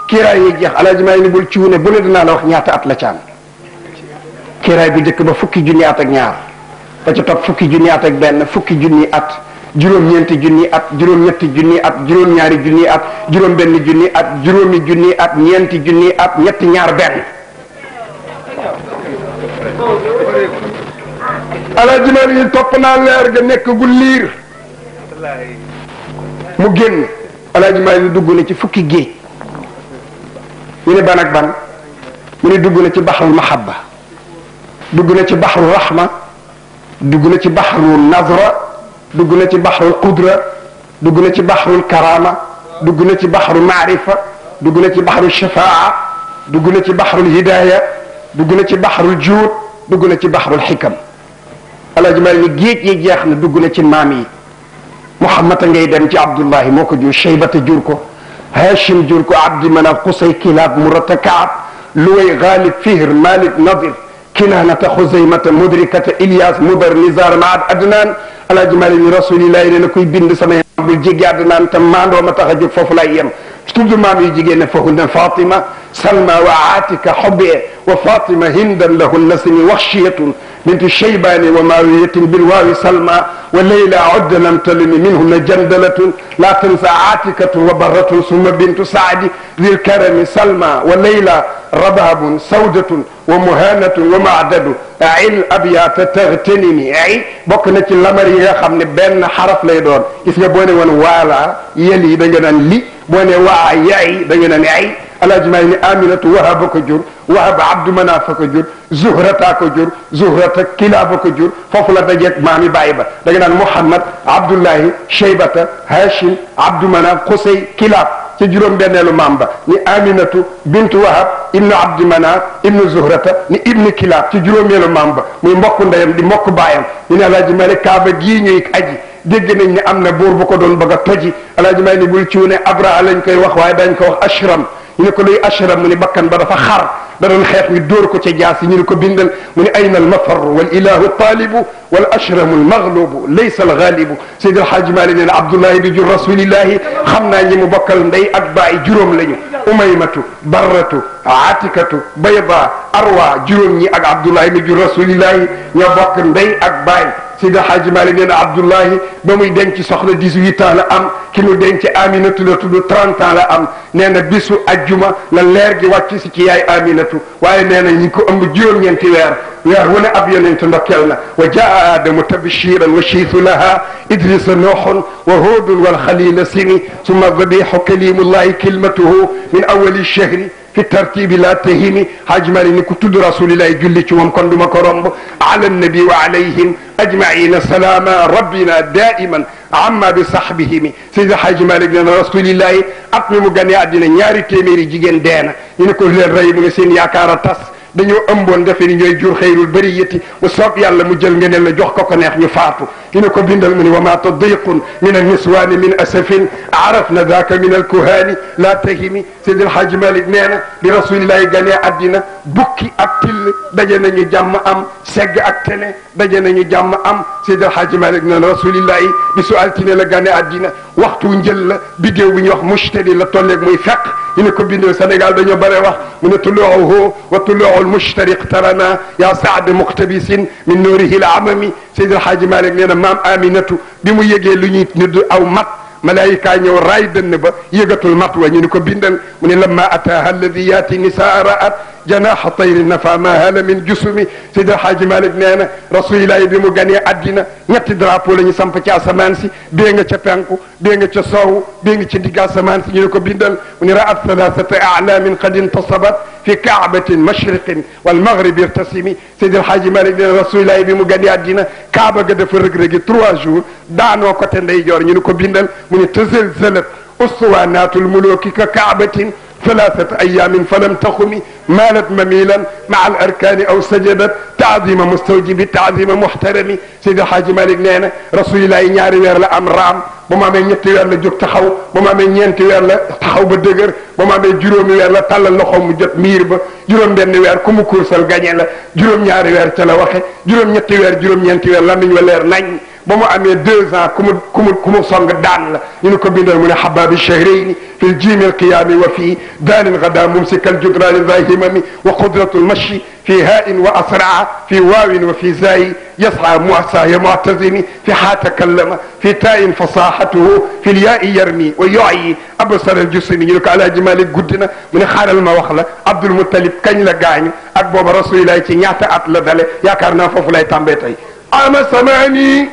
kiiraay yeeg jeex alaaji ni bul ci wune bu ne dinaa la wax ñaata at la caam kiiraay bu njëkk ba fukki junni at ak ñaar ba ca topp fukki junni at ak benn fukki junni at juróom-ñeenti junni at juróom-ñetti junni at ñaari junni at juróom-benn junni at juróomi at ñeenti junni at ñetti ñaar benn. alaaji maa ni topp naa leer ga nekk gu liir mu génn alaaji maa ni dugg na ci fukki géej. ñu ne ban ak ban mu ne dugg na ci baxrul mahabba dugg na ci baxrul rahma dugg na ci baxrul nazra dugg na ci baxrul qudra dugg na ci baxrul karama dugg na ci baxrul maarifa dugg na ci baxrul shafaa dugg na ci baxrul hidaya dugg na ci baxrul juud dugg na ci baxrul xikam alaaji mel ni géej yi jeex na dugg na ci maam yi muhammad a ngay dem ci abdullahi moo ko jur cheybata jur ko Hachim jur ko Abdi Manaf Qusay Kilaab Murata Kaab Luway Gaalib Fihr Malik Nadir Kinaanata Xuzaymata Mudrikata Ilyas Mubar Nizar Maad Adnaan Alaaji Maalik ni rasulillahi nee na kuy bind samay bul jéggi Adnaan te maandoo ma tax a jóg foofu laay yem tudd maam yu jigéen ne fahunna Fatima Salma wa Aatika Hubee wa Fatima Hindan lahunna sini waxshiyatun بنت شيبان وماوية بالواو سلمى وليلى عد لم تلم منهن جندلة لا تنسى عاتكة وبرة ثم بنت سعد ذي الكرم سلمى وليلى رباب سودة ومهانة ومعدد عل أبيات تغتنمي عي bokk na ci lamar yi nga xam ne benn xaraf lay doon gis nga boo ne woon waala yeli da nga naan li boo ne waa yaay da nga naan ay alaaji maay ni aminatu wahaba ko jur wahaba abdu manaafa ko jur zuhrata ko jur zuhrata kilaaba ko jur foofu la dajeeg maami bàyyi ba da nga naan muhammad abdullahi cheybata hashim abdu manaaf xusey kilaab ci juróom benneelu maam ba ni aminatu bintu wahab ibnu abdi manaaf ibnu zuhrata ni ibnu kilaab ci juróomeelu maam ba muy mbokku ndeyam di mbokku baayam ñu ne alaaji maay ne kaaba gii ñuy aji dégg am na buur bu ko doon bëgg a toji alaaji maay ni bul ciw ne abra lañ koy wax waaye dañ ko wax ashram ñu ne ko luy ashra mu ne bakkan ba dafa xar da doon xeex ñu dóor ko ca jaas yi ñu ne ko bindal mu ne ayna almafar wal ilahu taalibu wal ashramu almaghlubu laysa alghalibu Seydi Alhaaji Maalik nee na Abdullahi bi jur rasulillahi xam naa ñi mu bokkal ndey ak baay juróom lañu umaymatu barratu atikatu bayda arwa juróom ñi ak Abdullahi bi jur rasulillahi ñoo bokk ndey ak baay Seydi Hadji Malick nee na Abdoulahi ba muy denc soxna 18 ans la am ki mu denc Aminatu la tudd 30 ans la am nee na bisu ajjuma la leer gi wàcc si ci yaay Aminatu waaye nee na ñu ngi ko ëmb juróom-ñeenti weer weer wu ne ab yonent ndokkeel na wa jaa aadamu tabshiran wa shiisu laha idrisa nooxun wa hoodun wal xalila sini summa dabiixu kalimullahi kilmatuhu min awali shahri fi tartibi la tahimi hajmari ni ku tudd rasulillahi julli ci moom kon duma ko romb ala nabi wa alayhim ajmaina salaama rabbina daiman amma bi sahbihimi seydi haaji malik ne rasulillahi at mi mu ganee àddina ñaari téeméeri jigéen deena ñu ne ko leen rey mu ne seen yaakaar a tas dañoo ëmboon defe ni ñooy jur xëyrul bëri yëtti mu soob yàlla mu jël ngeneel la jox ko ko neex ñu faatu ñu ne ko bindal mu ni wa ma tadiqun min alniswaani min asafin arafna daaka min alkuhaani laa tahimi seydi alhaaji malik nee na bi rasulillahi ganee addina bukki ak till daje nañu jàmm am segg ak tene daje nañu jàmm am seydi alhaaji malik nee na rasulillahi bi su altine la ganee addina waxtu njël la biddéew bi ñuy wax mushtari la tolleeg muy fekk ñu ne ko bindal Sénégal dañoo bare wax mu ne tuluuhu wa tuluu almushtari iqtarana yaa saad muqtabisin min nuurihi al amami Seydi El Hadji Malick nee na maam Aminatu bi mu yëgee lu ñuy tudd aw mat malaayika ñëw raay dënn ba yëgatul mat wa ñu ni ko bindal mu ne lamma ataaha alladi yaati nisaa raat janaha tayri nafa ma hala min jusumi Seydi El Hadji Malick nee na rasulillahi bi mu ganee addina ñetti drapeau la ñu samp ci asamaan si bee nga ca penku bee nga ca soowu bee nga ca digg asamaan ñu ne ko bindal mu ne raat thalathata qad intasabat fi kaabatin mashriqin wal maghribi irtasimi Seydi El Hadji Malick dina rasulilahi bi mu gane àddina kaaba ga dafa rëg-rëgi trois jours daanoo côté ndeyjoor ñu ne ko bindal mu ne tazalzalat uswanatul muluki ka kaabatin ثلاثة أيام فلم تخم مالت مميلا مع الأركان أو سجدت تعظيم مستوجب تعظيم محترم سيدي الحاج مالك nee na rasulilah yi ñaari weer la am raam ba mu amee ñetti weer la jóg taxaw ba mu amee ñeenti weer la taxaw ba dëgër ba mu amee juróomi weer la tàllal loxo mu jot miir ba juróom-benn weer ku mu kursal gañe la juróom-ñaari weer ca la waxe juróom-ñetti weer juróom-ñeenti weer lamiñ wa leer nañ ba mu amee deux ans ku mu ku mu ku mu song daan la ñu ne ko bindal mu ne xabaabi shahrayni fi jiimil qiyaami wa fii daanin gadaa mumsikan judraani zahimami wa qudratul mashi fi haa'in wa asraa fi waawin wa fi zaayi yasraa muasa ya mu'tazimi fi haa takallama fi taa'in fasaahatuhu fi lyaa'i yarmi wa yu'yi absar al jusmi ñu ne ko alaaji Malik guddi na mu ne xaaral ma wax la Abdul Muttalib kañ la gaañu ak booba rasulilah ci ñaata at la dale yaakaar naa foofu lay tàmbee tey ama samaani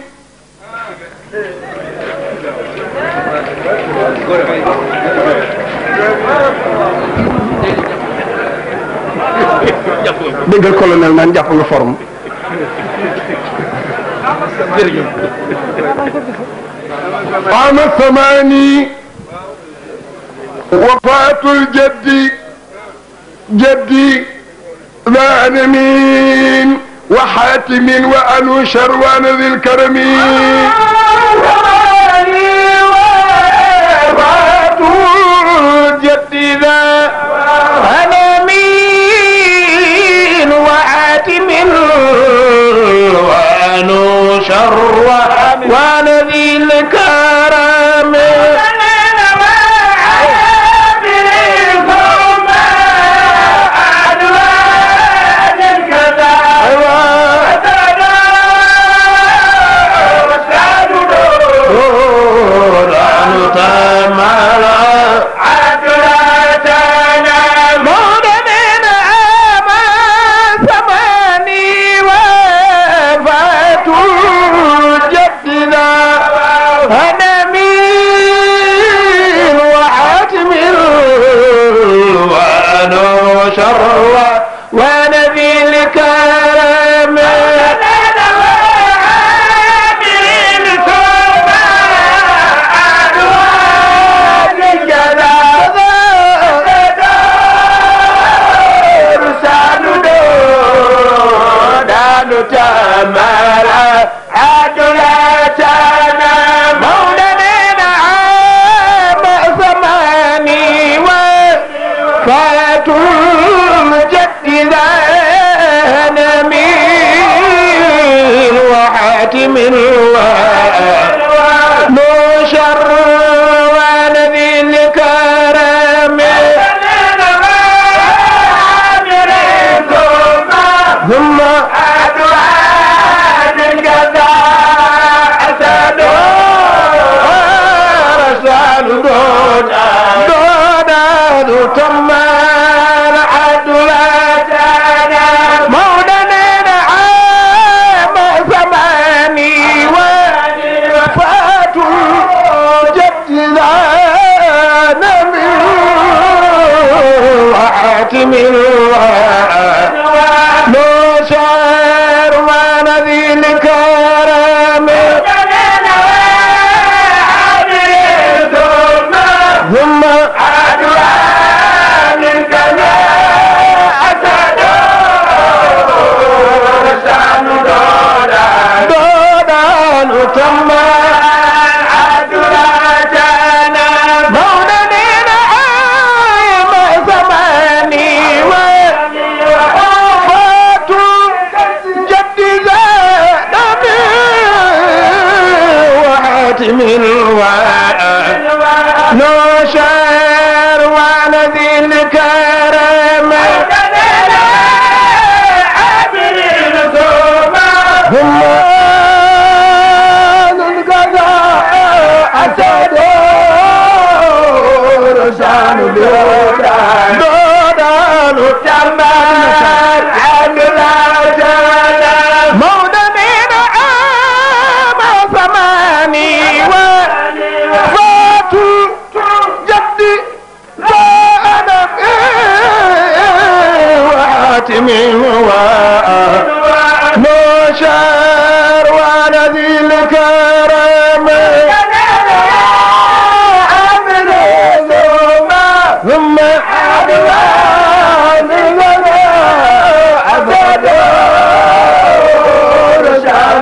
déggal colonel naan jàpp nga forme عام الثماني وفاة الجد جدي ذا أنمين وحاتم وأنو شروان ذي الكرم وفاة جدي ذا فعلوا شر وذي الكرم من نو شر والذي لكرم ثم أدوان الجزاء أسد رسال دون دون ثم منها لو شعر ما نذي لكرم ثم أدوى من كما أسد شأن دودان دودان تمام البشر ولدي الكرم همال القضاء أسدور شان اليوم دوران الشمال عدل الجنة موت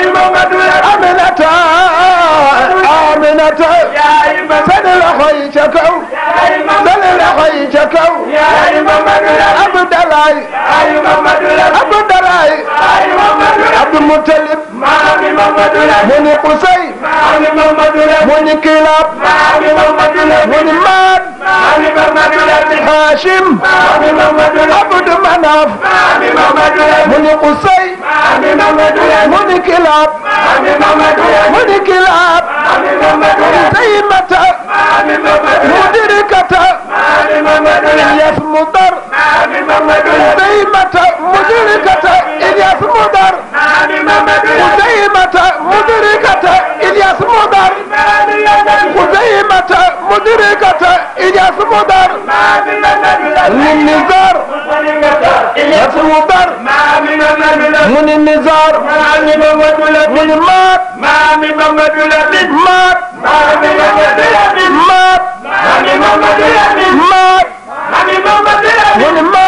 aminata aminata sani loxo yi ca kaw sani loxo yi ca kaw abudalaay abudalaay Abdul Muttalib maami Mamadou la mu ni Qusay maami Mamadou la mu ni Kilaab maami Mamadou la mu ni Maat maami Mamadou la Haashim maami Mamadou la Abdu Manaaf maami Mamadou la mu ni Qusay maami Mamadou la mu ni Kilaab maami Mamadou la mu ni Kilaab maami Mamadou la Taymata maami Mamadou la Mudirikata maami Mamadou la Yasmudar muzaymata mudirikata ilyas mudar muzaymata mudirikata ilyas mudar muzaymata mudirikata ilyas mudar من نزار يطلب مدار من النزار من مات مات مات مات عبدنا عبدنا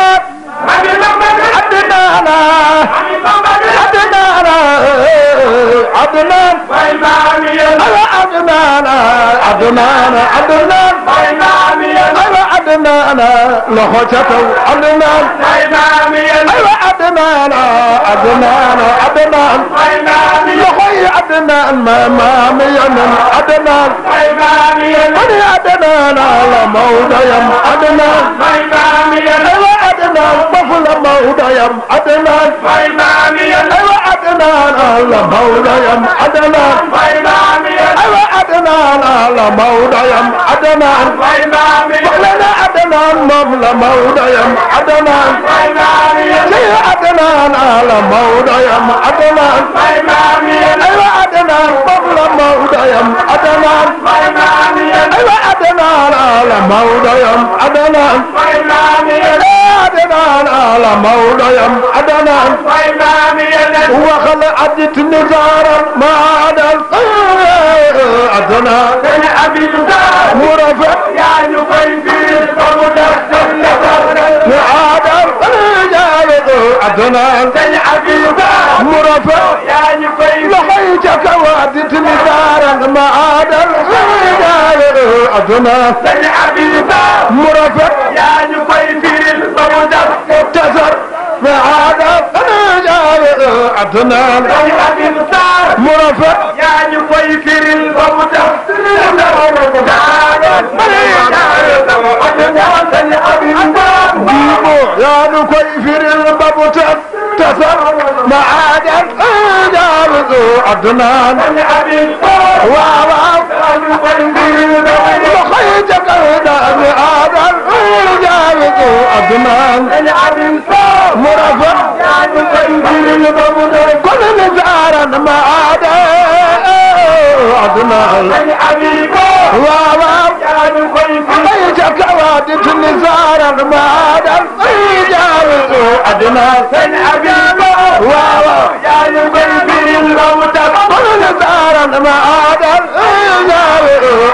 عبدنا عبدنا أدنانا لخشتو أدنان أيوة أدنانا أدنانا أدنان لخي أدنان ما مامي أدنان أني أدنانا لموضيم أدنان أيوة أدنان طفل موضيم أدنان أيوة أدنانا لموضيم أدنان adnaan la mawdayam adnaan wax leen adnaan moom la mawdayam adnaan ci adnaan la mawdayam adnaan aywa adnaan moom la mawdayam adnaan aywa adnaan la mawdayam adnaan أدنان على مولايم أدنان وخل أدت نزارا ما عدا الخير أدنان ورفع يا نفيفير فمدخل لفرد عدا الخير أدنان مرفع لحيتك وعدت نزارا ما عدا الخير أدنان مرفع يا نفيفير مدكتزر وعاد أنا جابر أدنان مرفع يعني ويكر الفمدة يا نكيفر البابتس مختصر معاد الأدار ذو عدنان وعرف بخيت قيدا معاد الأدار ذو عدنان مرفع كل نزارا معاد عدنان وعرف بخيت قيدا نزارا معاد الأدار ذو عدنان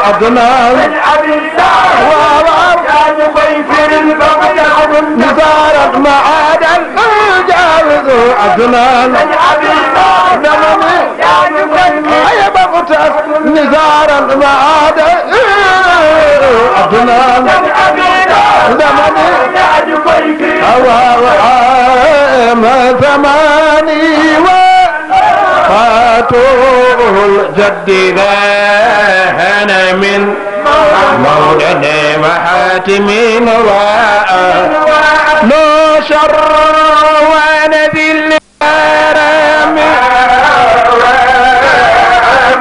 عبدنا من ابي الدار واو يا نبي في البغد عدل نزارك ما عاد يجاوز عبدنا من ابي الدار يا نبي في مغتر نزارا ما عاد أدنى من أمينا زمني هوى وعام زماني وفاته الجد لا من مولد محاتم وراء لا شر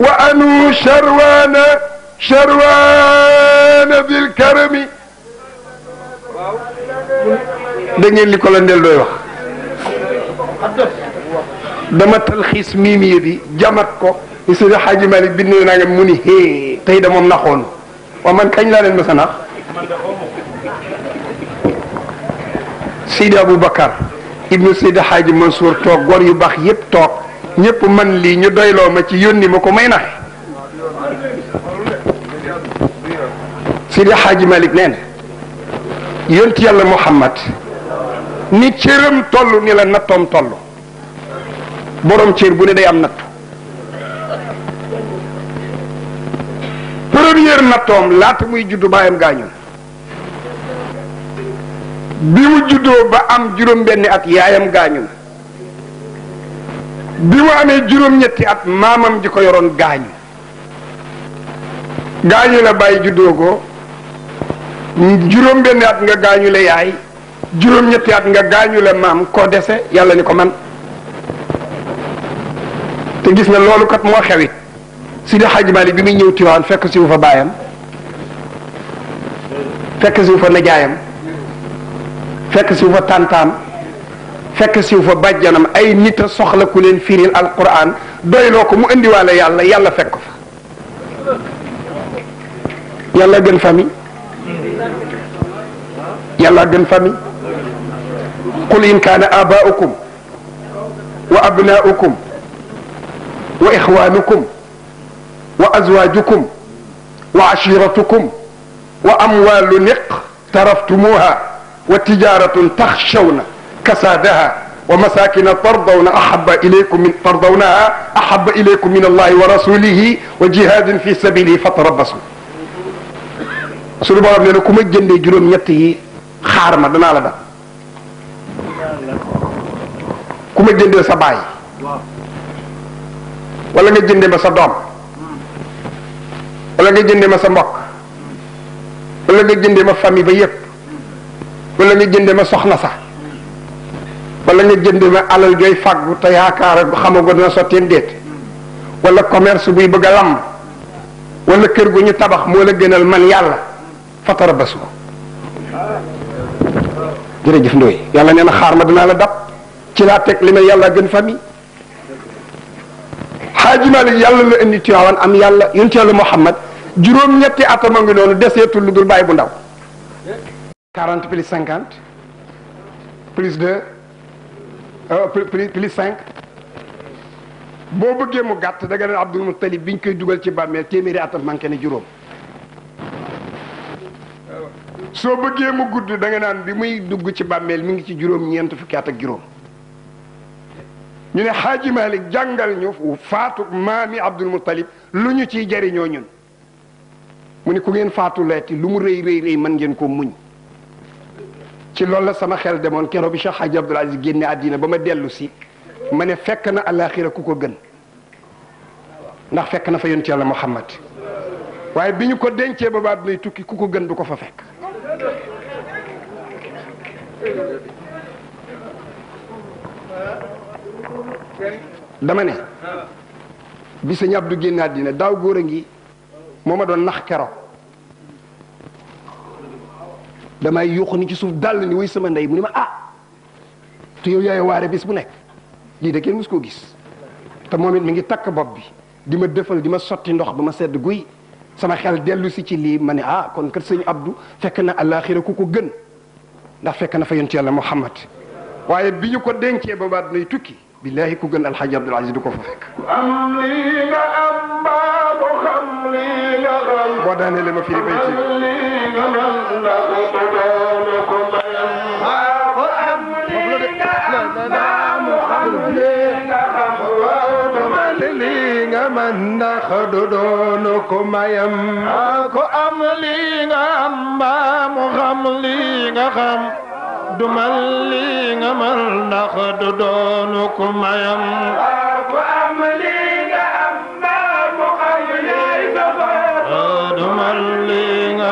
وأنو شروان شروان بالكرم دنجل لكل اندل دوي wax dama talxiis miimiye bi jamat ko ni sudi xaaji malik bind naa nga mu ni hee tey da moom naxoon waaw man kañ laa leen mës a nax Seydi ibnu Seydi Xaaji Mansour toog gor yu baax yépp toog ñépp man lii ñu doyloo ma ci yónni ma ko may naxe Sidi Xaaji Malik nee na yonti yàlla Muhammad ni cëram toll ni la nattoom toll borom cër bu ne day am nattu première nattoom laata muy juddu baayam gaañu bi mu juddoo ba am juróom-benni at yaayam gaañul bi mu amee juróom-ñetti at maamam ji ko yoroon gaañ gaañu la bàyyi juddoo ko juróom benn at nga gaañu la yaay juróom-ñetti at nga gaañu la maam koo dese yàlla ni ko man te gis na loolu kat moo si Sidi Hadj Malick bi muy ñëw Tiwaan fekk si fa baayam fekk si wu fa najaayam fekk si wu fa tàntaam fekk siw fa bàjjanam ay nit a soxla ku leen firil alquran doyloo ko mu indiwaale yàlla yàlla fekk ko fa yàlla gën famille yàlla gën famille qul in kaana abaaukum wa abnaaukum wa ixwaanukum wa azwaajukum wa ashiratukum wa amwaalun iqtaraftumuha wa tijaaratun taxshawna كسادها ومساكن ترضون أحب إليكم من ترضونها أحب إليكم من الله ورسوله وجهاد في سبيله فتربصوا suñu borom nee na ku ma jëndee juróom ñett yi xaar ma danaa la dal ku ma jëndee sa baay wala nga jëndee ma sa doom wala nga jëndee ma sa mbokk wala nga jëndee ma famille ba yépp wala nga jëndee ma soxna sa wala nga jënd ma alal jooy fàggu te yaakaar ak xamago dina sotteen déet wala commerce buy bëgg a lamb kër gu ñu tabax moo la gënal man yàlla fatara basu jëf ndooy yàlla nee na xaar ma dinaa la dab ci laa teg li ma yàlla gën fami xaaji Maalik yàlla la indi Tiwaawan am yàlla yonent yàlla Muhammad juróom-ñetti atama ngi noonu deseetul lu dul bàyyi bu ndaw 40 plus 50 Euh, plus plus plus cinq boo bëggee mu gàtt da nga ne Abdul Muttalib biñ koy dugal ci bàmmeel téeméeri atam manqué ne juróom soo bëggee mu gudd da nga naan bi muy dugg ci bàmmeel mi ngi ci juróom ñeent fukki at ak juróom ñu ne Xaaji Malik jàngal ñu faatu maami Abdul Muttalib lu ñu ciy jariñoo ñun mu ne ku ngeen faatu leeti lu mu rëy rëy rëy mën ngeen ko muñ ci loolu la sama xel demoon keroo bi Cheikh Hadji Abdoul Aziz génne àddina ba ma dellu ma ne fekk na alaxira ku ko gën ndax fekk na fa yonent yàlla Muhammad waaye bi ñu ko dencee ba baat nay tukki ku ko gën du ko fa fekk dama ne bi sëñ Abdou génne àddina daaw góor a ngi moo ma doon nax keroog damay yuuxu ni ci suuf dàll ni wuy sama ndey mu ni ma ah te yow yaay waare bis bu nekk lii de kenn mus koo gis te moom it mi ngi takk bopp bi di ma dëfal di ma sotti ndox ba ma sedd guy sama xel dellu si ci lii ma ne ah kon kat sëñ Abdou fekk na àllaaxira ku ko gën ndax fekk na fa yonent yàlla Muhammad waaye bi ñu ko dencee ba baat nay tukki billahi ku gën alxaaji Abdul Aziz du ko fa fekk. am li ma am lii mu xam lii nga xam. du mal lii nga mal ndax du doonu ku mayam du man nga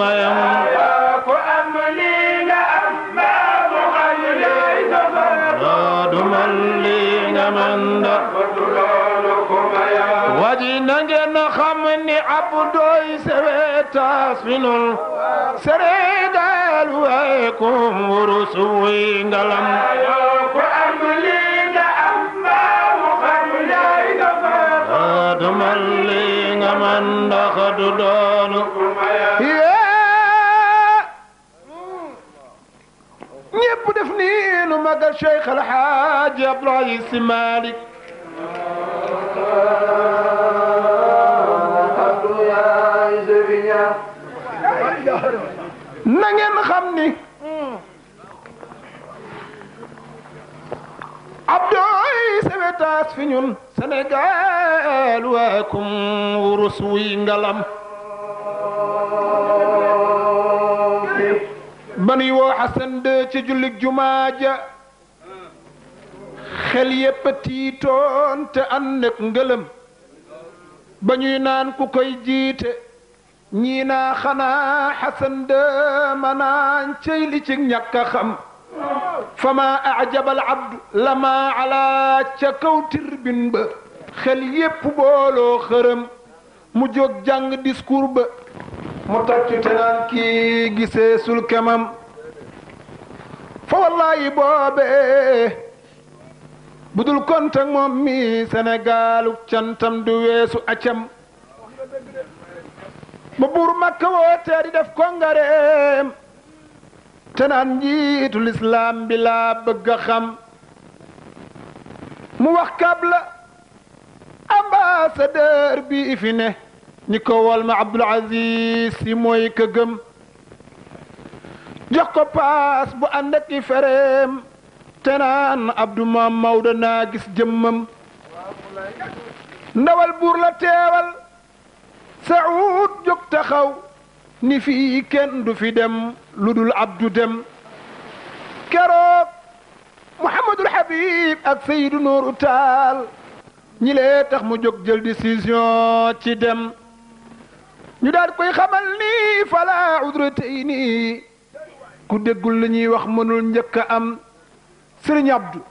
man na ngeen xam ni ab doy sewetaas mi noonu seree daal waaye kum wurusu wi ngalam ko am li nga am mbaa mu xam yaay nga fa du man li nga man ndax du doonu ñépp def nii nu magal Cheikh El Hadj Abdoulaye Sy Malick na ngeen xam ni abdoy sewetaas fi ñun Sénégal waakum wurus wuy ngalam bani woo Xasan de ci jullik jumaaja xel yépp a tiitoon te ànd ak ngëlëm ba ñuy naan ku koy jiite ñii naa xanaa xasan de manaan cey li ci ñàkk xam fa maa ajabal abdu lama ala ca kaw tirbin ba xel yépp booloo xërëm mu jóg jàng discours ba mu tàccu te naan kii gisee sul kemam fa wallaahi boobee budul kontak moom mi senegaalu cantam du weesu acam ba buur makka wootee di def kongareem te naan njiitu lislaam bi laa bëgg xam mu wax kab la ambassadeur bi fi ne ñi ko wol Abdul Aziz si mooy ka gëm jox ko paas bu ànd ak fereem te naan abdu maam Maodo naa gis jëmmam ndawal buur la teewal Saoud jóg taxaw ni fii kenn du fi dem lu dul abdu dem keroog Mouhamadul Habib ak Seydou Nourou Taal ñi tax mu jóg jël décision ci dem ñu daal koy xamal ni fala udratayni ku déggul li ñuy wax mënul njëkk am sëriñ Abdou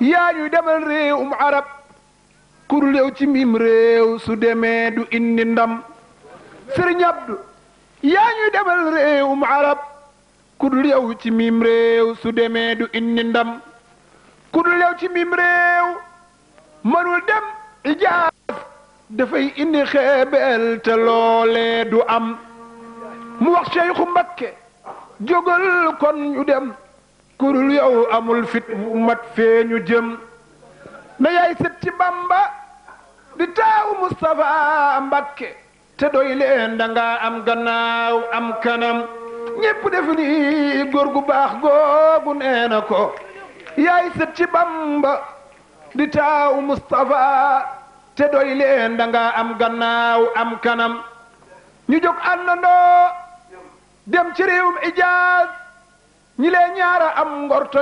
yaa ñuy demal réewum arab kur léew ci mim réew su demee du indi ndam sëriñ Abdou yaa ñuy demal réewum arab kur léew ci mim réew su demee du indi ndam kur léew ci mim réew mënul dem ijaas dafay indi xeebel te loolee du am mu wax Cheikhu Mbakke jógal kon ñu dem kurul yow amul fit bu mat fee ñu jëm na yaay sët ci bamba di taawu Moustapha Mbakke te doy leen am gannaaw am kanam ñépp def ni gu baax googu nee na ko yaay sët ci bamba di taawu Moustapha te doy leen am gannaaw am kanam ñu jóg àndandoo dem ci réewum Ijaaz ñi lee ñaara am ngorto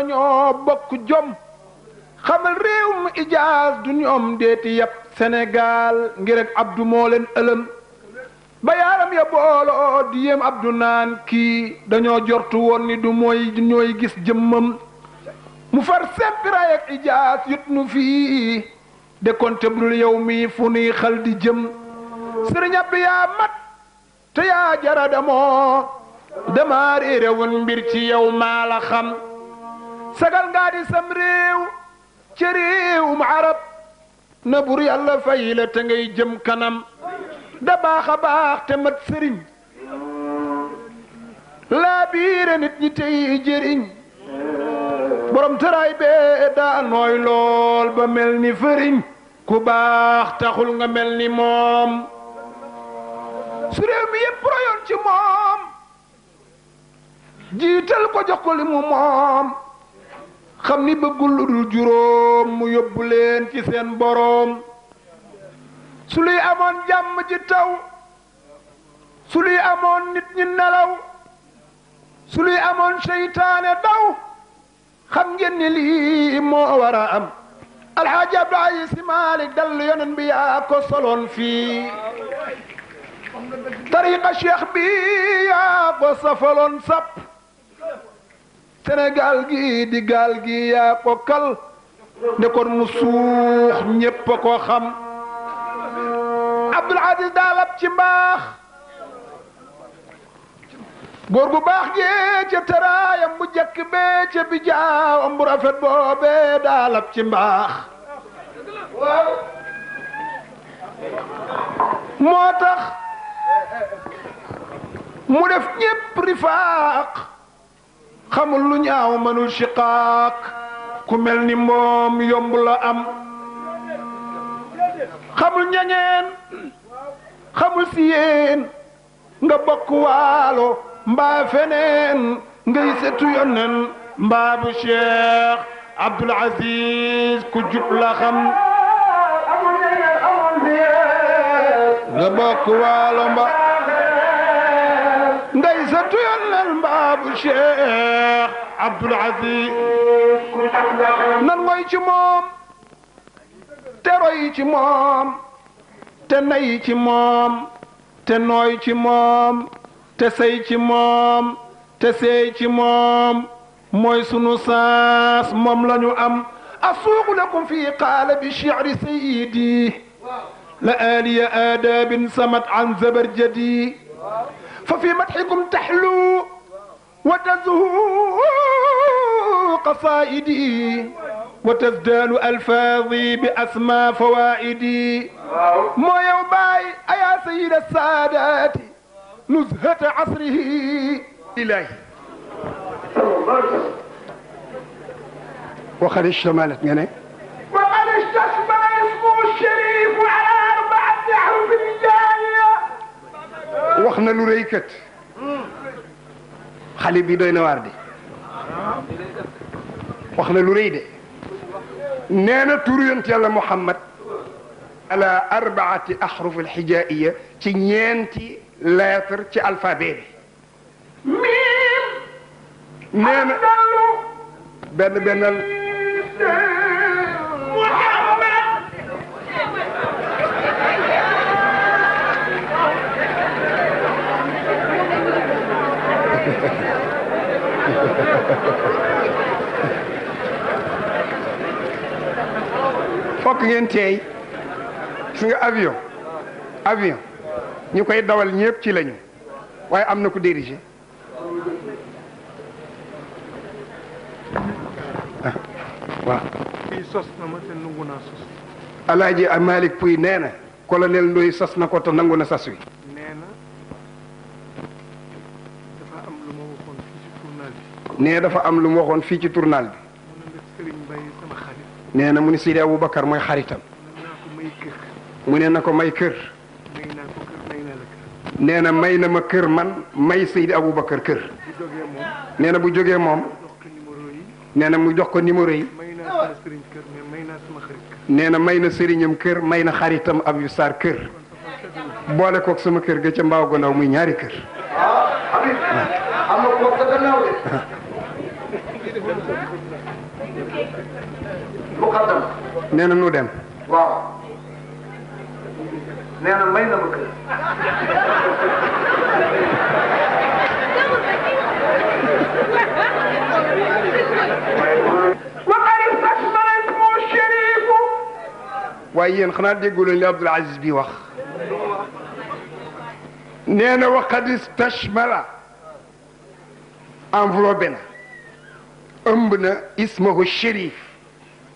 bokk jom xamal réewum ijaas du ñoom deeti yab Sénégal ngir ak Abdou moo leen ëlëm ba ya booloo di yéem Abdou naan kii dañoo jortu woon ni du mooy ñooy gis jëmmam mu far sempiraay ak ijaas yut nu fii de kontebrul yow mi fu nuy xal di jëm sëriñ yaa mat te yaa jara damoo dama réerewul mbir ci yow maa la xam sagal ngaa di sam réew ci réewum arab na bur yàlla fay la te ngay jëm kanam da baax baax te mat sëriñ laa biire nit ñi tey jëriñ borom tëraay bee daa nooy lool ba mel ni fëriñ ku baax taxul nga mel ni moom su réew mi yëpp royoon ci moom jiital ko jox ko li mu moom xam ni bëggul lu dul juróom mu yóbbu leen ci seen boroom su luy amoon jàmm ji taw su luy amoon nit ñi nelaw su luy amoon seytaane daw xam ngeen ni lii moo war a am alxaaji Abdu Asiis Maalik dal yonen bi yaa ko soloon fii tariqa cheikh bi yaa ko safaloon sap Sénégal gi di gaal gi yaa ko kal ne mu suux ñépp a ko xam Abdul Aziz daalab ci mbaax góor gu baax gi ca teraayam bu jëkk bee ca bijaaw am bu rafet boobee daalab ci mbaax moo tax mu def ñépp rifaaq xamul lu ñaaw mënul shiqaaq ku mel ni moom yomb la am xamul ñañeen xamul si nga bokk waalo mbaa feneen ngay setu yonen mbaa bu cheikh abdul ku jub la xam nga bokk waalo mbaa ndey sa tuyal nal mbaabu Cheikh Abdoul Aziz te roy ci te nay ci te nooy ci te sey ci te seey ci moom mooy sunu saas moom la ñu am asuuqu lakum fi qaala shi'ri sayyidi la aaliya aadaabin samat an zabarjadi fa fi madxikum taxlu wa tazhu qasaa'idi wa tazdaadu alfaadi bi asmaa fawaaidi moo yow baay ayaa sayida saadaati nuzhata asrihi ilaahi waxal ishamalat nga ne waxal ishamalat wax na lu rëy kët xale bi doy na waar de wax na lu rëy na turu yont yàlla Muhammad ci ñeenti lettre ci alphabet bi miim nee na fokk ngeen teey gis nga avion avion ñu koy dawal ñëpp ci lañu waaye am na ku diriger waaw kii sos na ma te nee na colonel Ndoye sos na ko te nangu na sas wi nee dafa am lu mu waxoon fii ci tournal bi nee na mu ni Seydi Aboubacar mooy xaritam mu na ko may kër nee na may na ma kër man may Seydi Aboubacar kër nee na bu jógee moom nee na mu jox ko numéro yi nee na may na sëriñam kër may na xaritam Abdou Sarr kër boole kook sama kër ga ca mbaaw gannaaw muy ñaari kër. Ah, nee na nu dem. waaw nee na may na ma kër. waaye yéen xanaa déggu leen li Abdul Aziz bi wax nee na waqad istashmala enveloppé na ëmb na ismahu shérif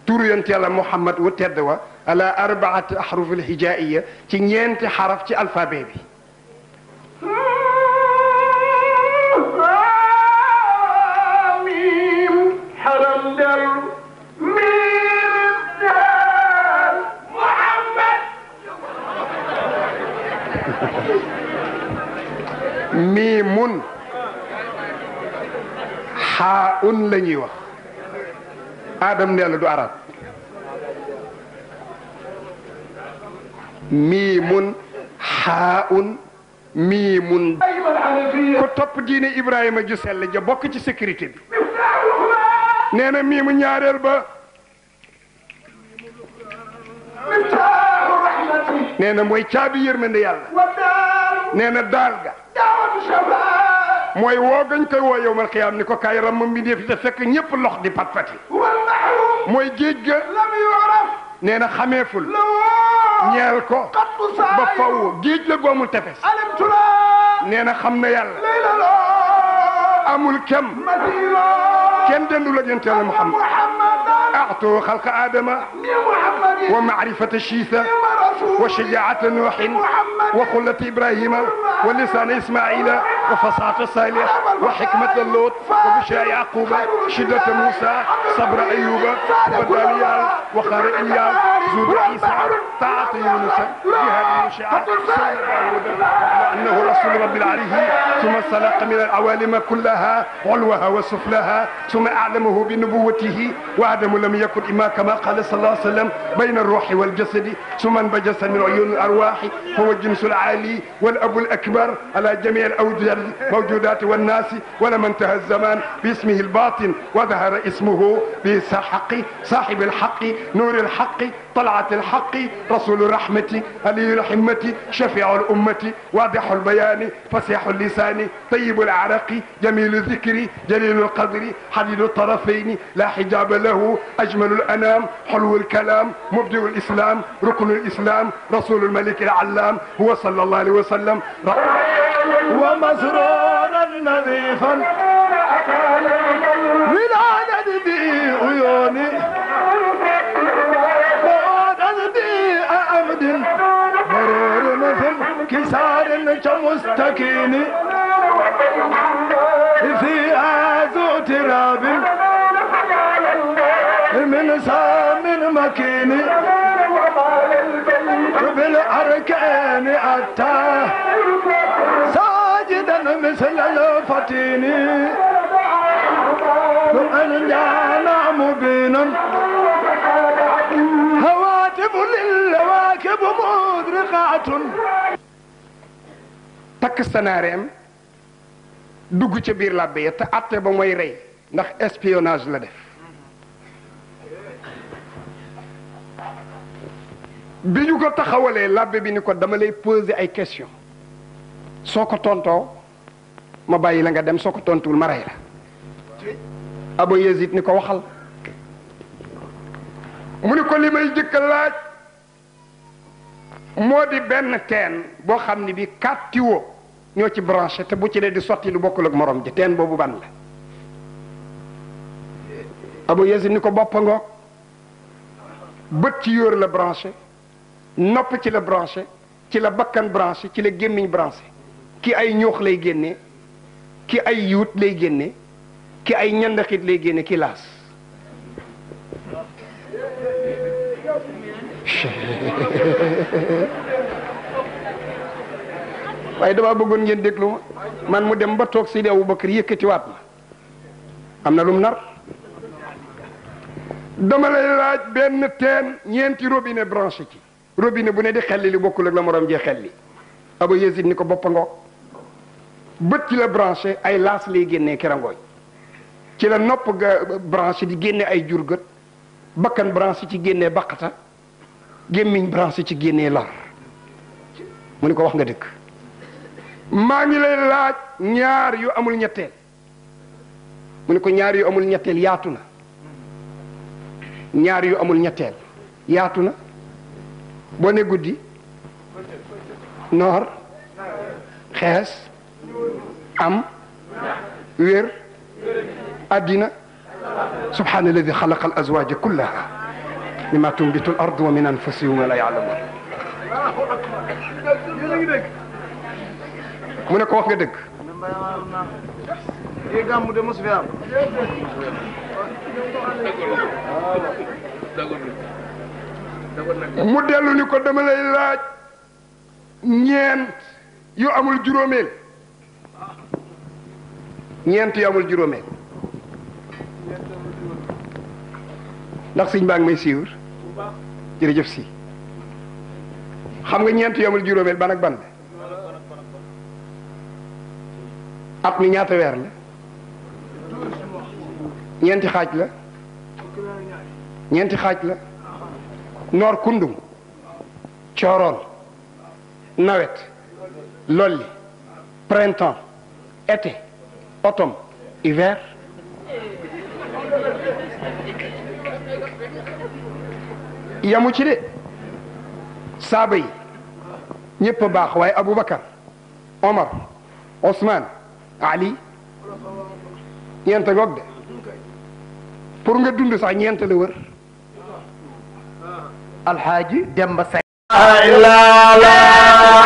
turu yonent yàlla Muhammad wu tedd wa ala arbaati ahruf al hijaiya ci ñeenti xaraf ci alphabet bi miimun un la ñuy wax aadam nee la du arab miimun xaaun miimun ku topp diine Ibrahima ju sell ja bokk ci sécurité bi nee na miimu ñaareel ba nee na mooy caabi yërmande yàlla nee na daal ga mooy woo gañ koy woo yow xiyaam ni ko kaay ram mbindeef te fekk ñëpp lox di pat pati mooy géej ga nee na xameeful ñeel ko ba faw géej la goomul tefes nee na xam na yàlla amul kem kenn dendu la gën teel Muhammad أعطوا خلق آدم ومعرفة شيثة وشجاعة نوح وخلة إبراهيم ولسان إسماعيل وفصاحة صالح وحكمة اللوط وبشاء يعقوب شدة موسى صبر أيوب ودانيال وخر إيال زود عيسى طاعة يونس جهاد شعر وأنه رسول رب العالمين ثم سلق من العوالم كلها علوها وسفلها ثم أعلمه بنبوته وآدم لم يكن إما كما قال صلى الله عليه وسلم بين الروح والجسد ثم انبجس من عيون الأرواح هو الجنس العالي والأب الأكبر على جميع الأوجود الموجودات والناس الناس ولا من انتهى الزمان باسمه الباطن وظهر اسمه بحقه صاحب الحق نور الحق طلعة الحق رسول الرحمة علي الحمة شفيع الأمة واضح البيان فسيح اللسان طيب العرق جميل الذكر جليل القدر حديد الطرفين لا حجاب له أجمل الأنام حلو الكلام مبدئ الإسلام ركن الإسلام رسول الملك العلام هو صلى الله عليه وسلم ومسرورا نظيفا من عدد ذي عيوني سار كمستكين في آذو تراب من سام مكين بالأركان أتى ساجدا مثل الفتين أن جانا مبينا هواتف للواكب مدرقات takk sanaareem dugg ca biir làbbe ya te àtte ba mooy rey ndax espionnage la def bi ñu ko taxawalee làbbe bi ni ko dama lay poser ay question soo ko tontoo ma bàyyi la nga dem soo ko tontuwul ma rey la Abu Yazid ni ko waxal mu ni ko li may jëkk laaj moo di benn teen boo xam ni bi quatre tuyaux ñoo ci branché te bu ci ne di sotti lu bokkul ak moroom ji teen boobu ban la Abu Yazid ni ko boppa ngoog bët ci yóor la branché nopp ci la branché ci la bakkan branché ci la gémmiñ branché ki ay ñoox lay génne ki ay yuut lay génne ki ay ñandaxit lay génne ki waaye dama bëggoon ngeen déglu ma man mu dem ba toog Seydi Aboubacar yëkkatiwaat ma am na lum nar dama lay laaj benn teen ñeenti robine branché ci robine bu ne di xelli li bokkul ak la morom jee xelli Abu Yazid ni ko boppa ngoog bët ci la branché ay laas lay génnee kerangooy ci la nopp ga branché di génne ay jurgët bakkan branché ci génnee baqata gémmiñ branché ci génnee lar mu ni ko wax nga dikk maa ngi lay laaj ñaar yu amul ñetteel mu ni ko ñaar yu amul ñetteel yaatu na ñaar yu amul ñetteel yaatu na boo guddi noor xees am wér addina subhaana alladi xalaqa al azwaaja مما تنبت الأرض ومن أنفسهم ولا يعلمون mu ne ko wax nga dëgg gàmmu mu dellu ni ko dama lay laaj ñeent yu amul juróomeel ñeent yu amul juróomeel ndax sëñ baa ngi may suivre jërëjëf si xam nga ñeent yomul juróomeel ban ak ban la at mi ñaata weer la ñeenti xaaj la ñeenti xaaj la noor kundum cooroon nawet lolli printemps été otom hiver yamu ci de saaba yi ñëpp a baax waaye Aboubacar Omar Ousmane Ali ñeent goog de pour nga dund sax ñeent la wër alxaaji Demba Seck la ilaha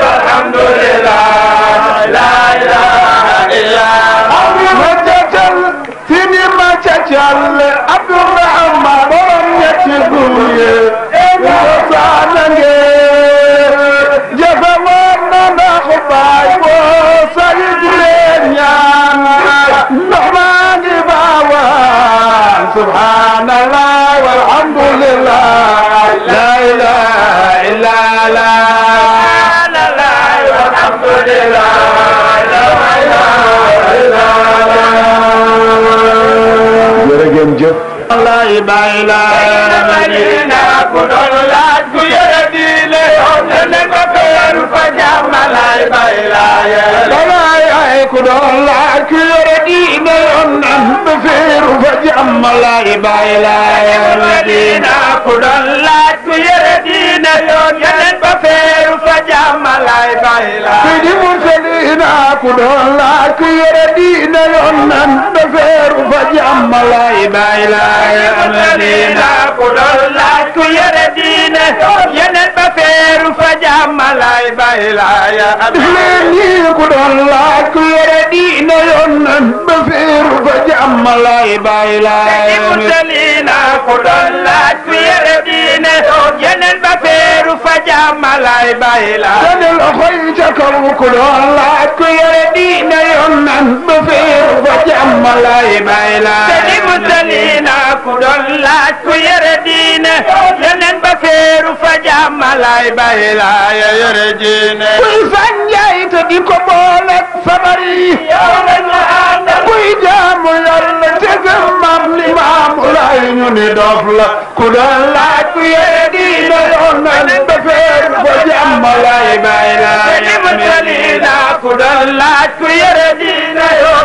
walhamdulillah la ilaha illa سبحان الله والحمد لله لا إله إلا الله سبحان الله والحمد لله lay bàyyi laa. tey dina naa ko doon laaj ku yore diine. te ne ko fa jàmm lay bàyyi laa yéen. ku doon laaj ku yore diine yoon nan ba fa jàmm lay bàyyi laa yéen. tey doon laaj ku yore diine yoon sidi mursalina ku doon laaj ku yore diina fa jàmm la ilaha ku doon laaj ku ba feeru fa jàmm ba feeru teru faja malaay bàyyi la sanil xoy ca kaw ku doon laaj ku yore diine yoon nan ba feeru faja malaay bàyyi la sani musalina ku doon laaj ku yore diine yonen ba feeru faja malaay bàyyi la ya yore diine kuy fanjay di ko booleeg sabar yi. yow lañu àndal ni dof ku doon laaj ku yee diina yoon nañ ba feer ku doon laaj ku yee diina yoon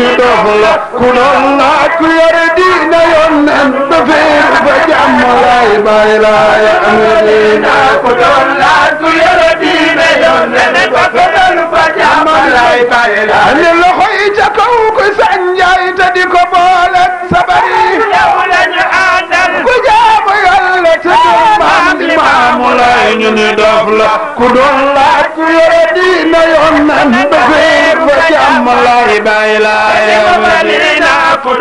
kuy dof la ku doon naa ku yore diina yoon nan dafeer ba jàmm laay bàyyi laay amina ku doon naa ku yore diina yoon nan dafeer ba jàmm laay bàyyi laay ne loxo yi ca kaw ko sanjaay te di ko mu lay ñu ni dof la ku doon laaj yore diina yoon nan dafay fa jàmm lay bàyyi laa ku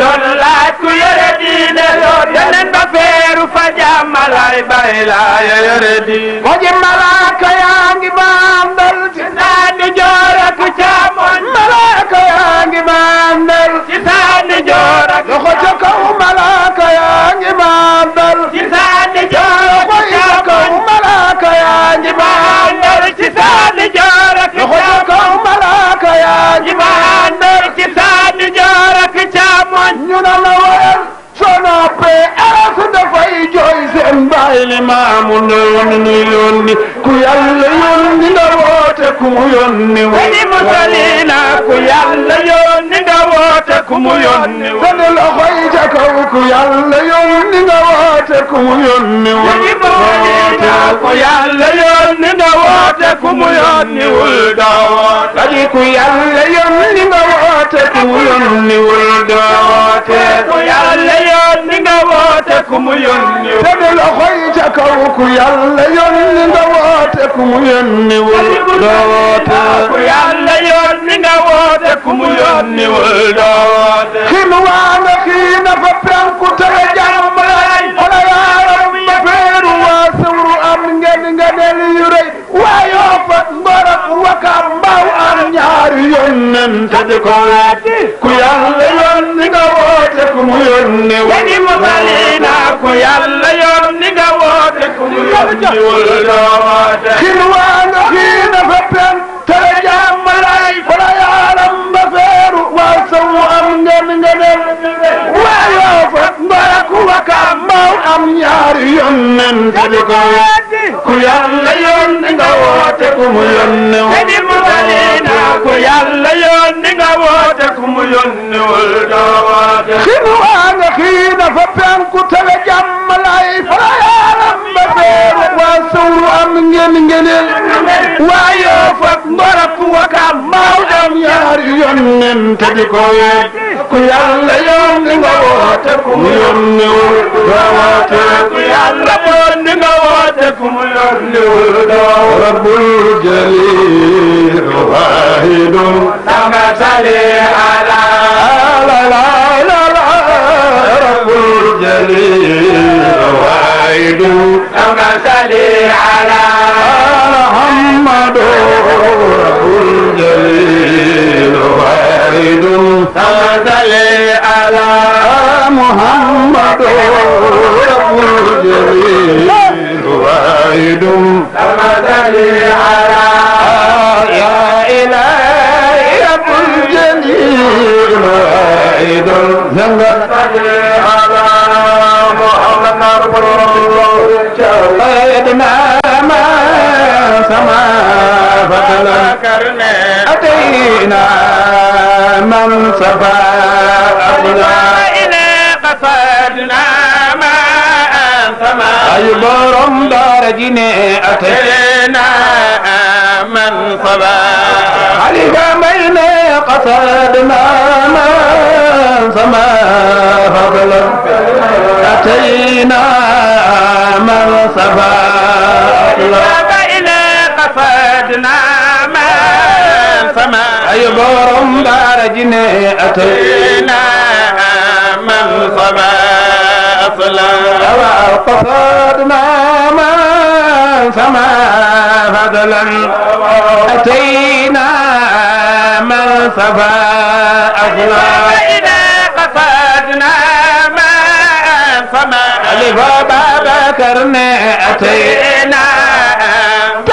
yore diina yoon nan dafeeru fa jàmm lay bàyyi laa ya yore diina moo ji malaaka yaa ngi maam dal ci saa di joor ak càmmoñ malaaka yaa ngi maam dal ci saa di joor ak càmmoñ ñu na la woyal jooy seen bàyyi li maamu ndoon ni ku yàlla yoon ni la woote ku mu yónni wu. wédi musalina ku yàlla yónni nga woote ku mu yónni wu. sëñ loxo yi ca kaw ku yàlla yónni nga woote wul doo. wédi ku yàlla wul doo. ku woote ku mu yónni te du loxo mu yónni wul doo woote ku yàlla yónni nga woote ku yónneen te di ko weddi ku yàlla yónni nga woote ku mu yónni wani mu bali naa ku yàlla yónni nga woote ku mu yónni wala doo woote xirwaanga fii na fa pen tere jàmm lay fala yaaram ba feeru waa sawu am ngeen ngeneen waayoo fa mbaraku wakaam mbaaw am ñaari yónneen te di ko weddi ku yàlla yónni nga woote ku mu yónni wul. te mu ku yàlla yónni nga woote ku mu yónni wul doo woote. xinu ànd xii dafa penku tege jàmm lay fara yaaram ba feeru waa sawru am ngeen ngeneel. waa yoo fag ngorab wakam maaw dem ñaari yónneen te di ko wéet. ku yàlla yónni nga woote ku mu yónniwul doo woote ku yàlla yónni nga woote ku mu yónniwul doo rabbul jalil wahidun sama sali ala la la la la rabbul jalil wahidun sama sali ala muhammadu rabbul jalil wahidun زيد فصلي على محمد رب الجميل واحد فصلي على يا إلهي رب الجميل واحد فصلي على محمد رب الجميل واحد ما سما فتلا أتينا من صفا أصلا إلى قصدنا ما أنصما أي برم دارجني أتينا من صبا علي بين قصدنا ما أنصما فضلا أتينا من صبا أصلا وعدنا ما فما أي بوم بارجنا أتينا من فما أفلا وقصدنا من فما فضلا أتينا من فما أفلا وإذا قصدنا من فما ألف بابا كرنا أتينا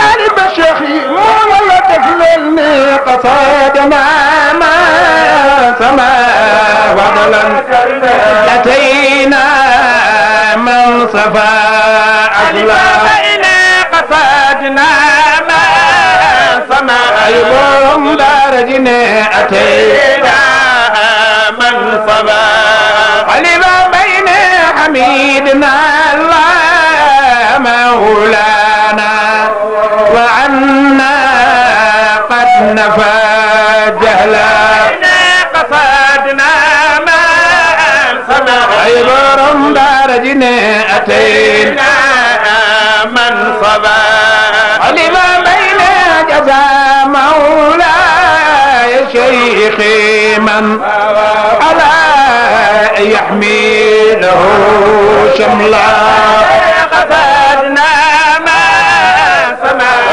taalibe cheikh yi moo la def leen ni qasaada maama sama wadalan atayna man safa ajla ina qasaadna ma sama ayubum darajine atayna man safa qaliba bayna hamidna allah maulana وعنا قد نفى جهلا قصدنا ما عبر بارجنا أتينا من صبا علم بين جزاء مولاي شيخي من على يحمله شملا قصدنا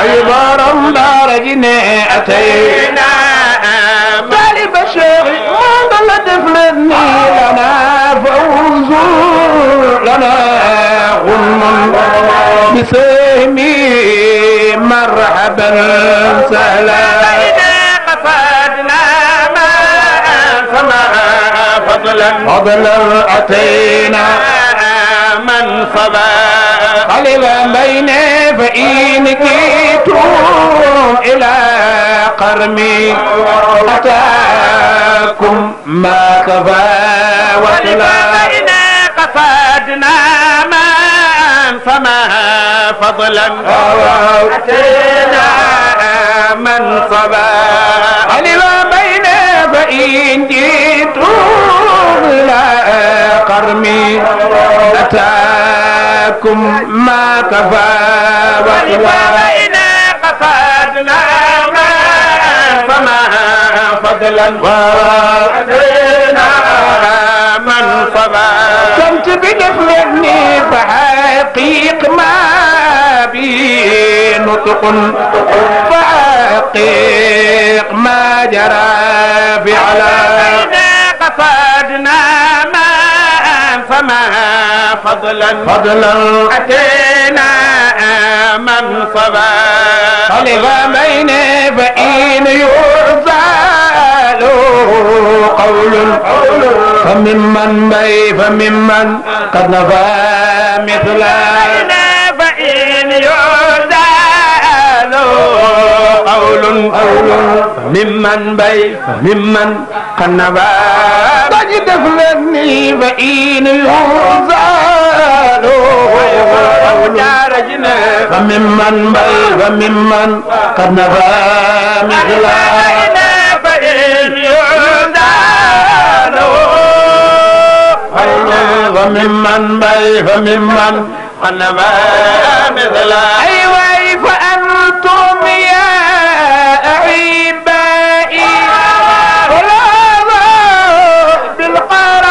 أي برم دارجنا أتينا بالي بشري ما بلد فلني لنا فوز لنا غنم بسهمي مرحبا سهلا فضلا فضلا أتينا من فبا خلل بين فإن كيتم إلى قرمي أتاكم ما كفى وطلع فادنا من فما فضلا أتينا من صبا أنا بين فإن جئتم إلى قرمي أتاكم ما كفى وإمام إنا قصدنا فما فضلا وأدرنا من فما كنت بنفرني فحقيق ما بي نطق فحقيق ما جرى فعلا قصدنا لنا فضلا فضلا أتينا من صبا طلب بين فإن يعزال قول قول فممن بي فممن قد نفى مثلا أول أول ممن بي ممن قنبا بجد فلني فإن يوزال فممن بي فممن قنبا مثلا فممن بي فممن قنبا مثلا أيوة فأنتم يا Muhammad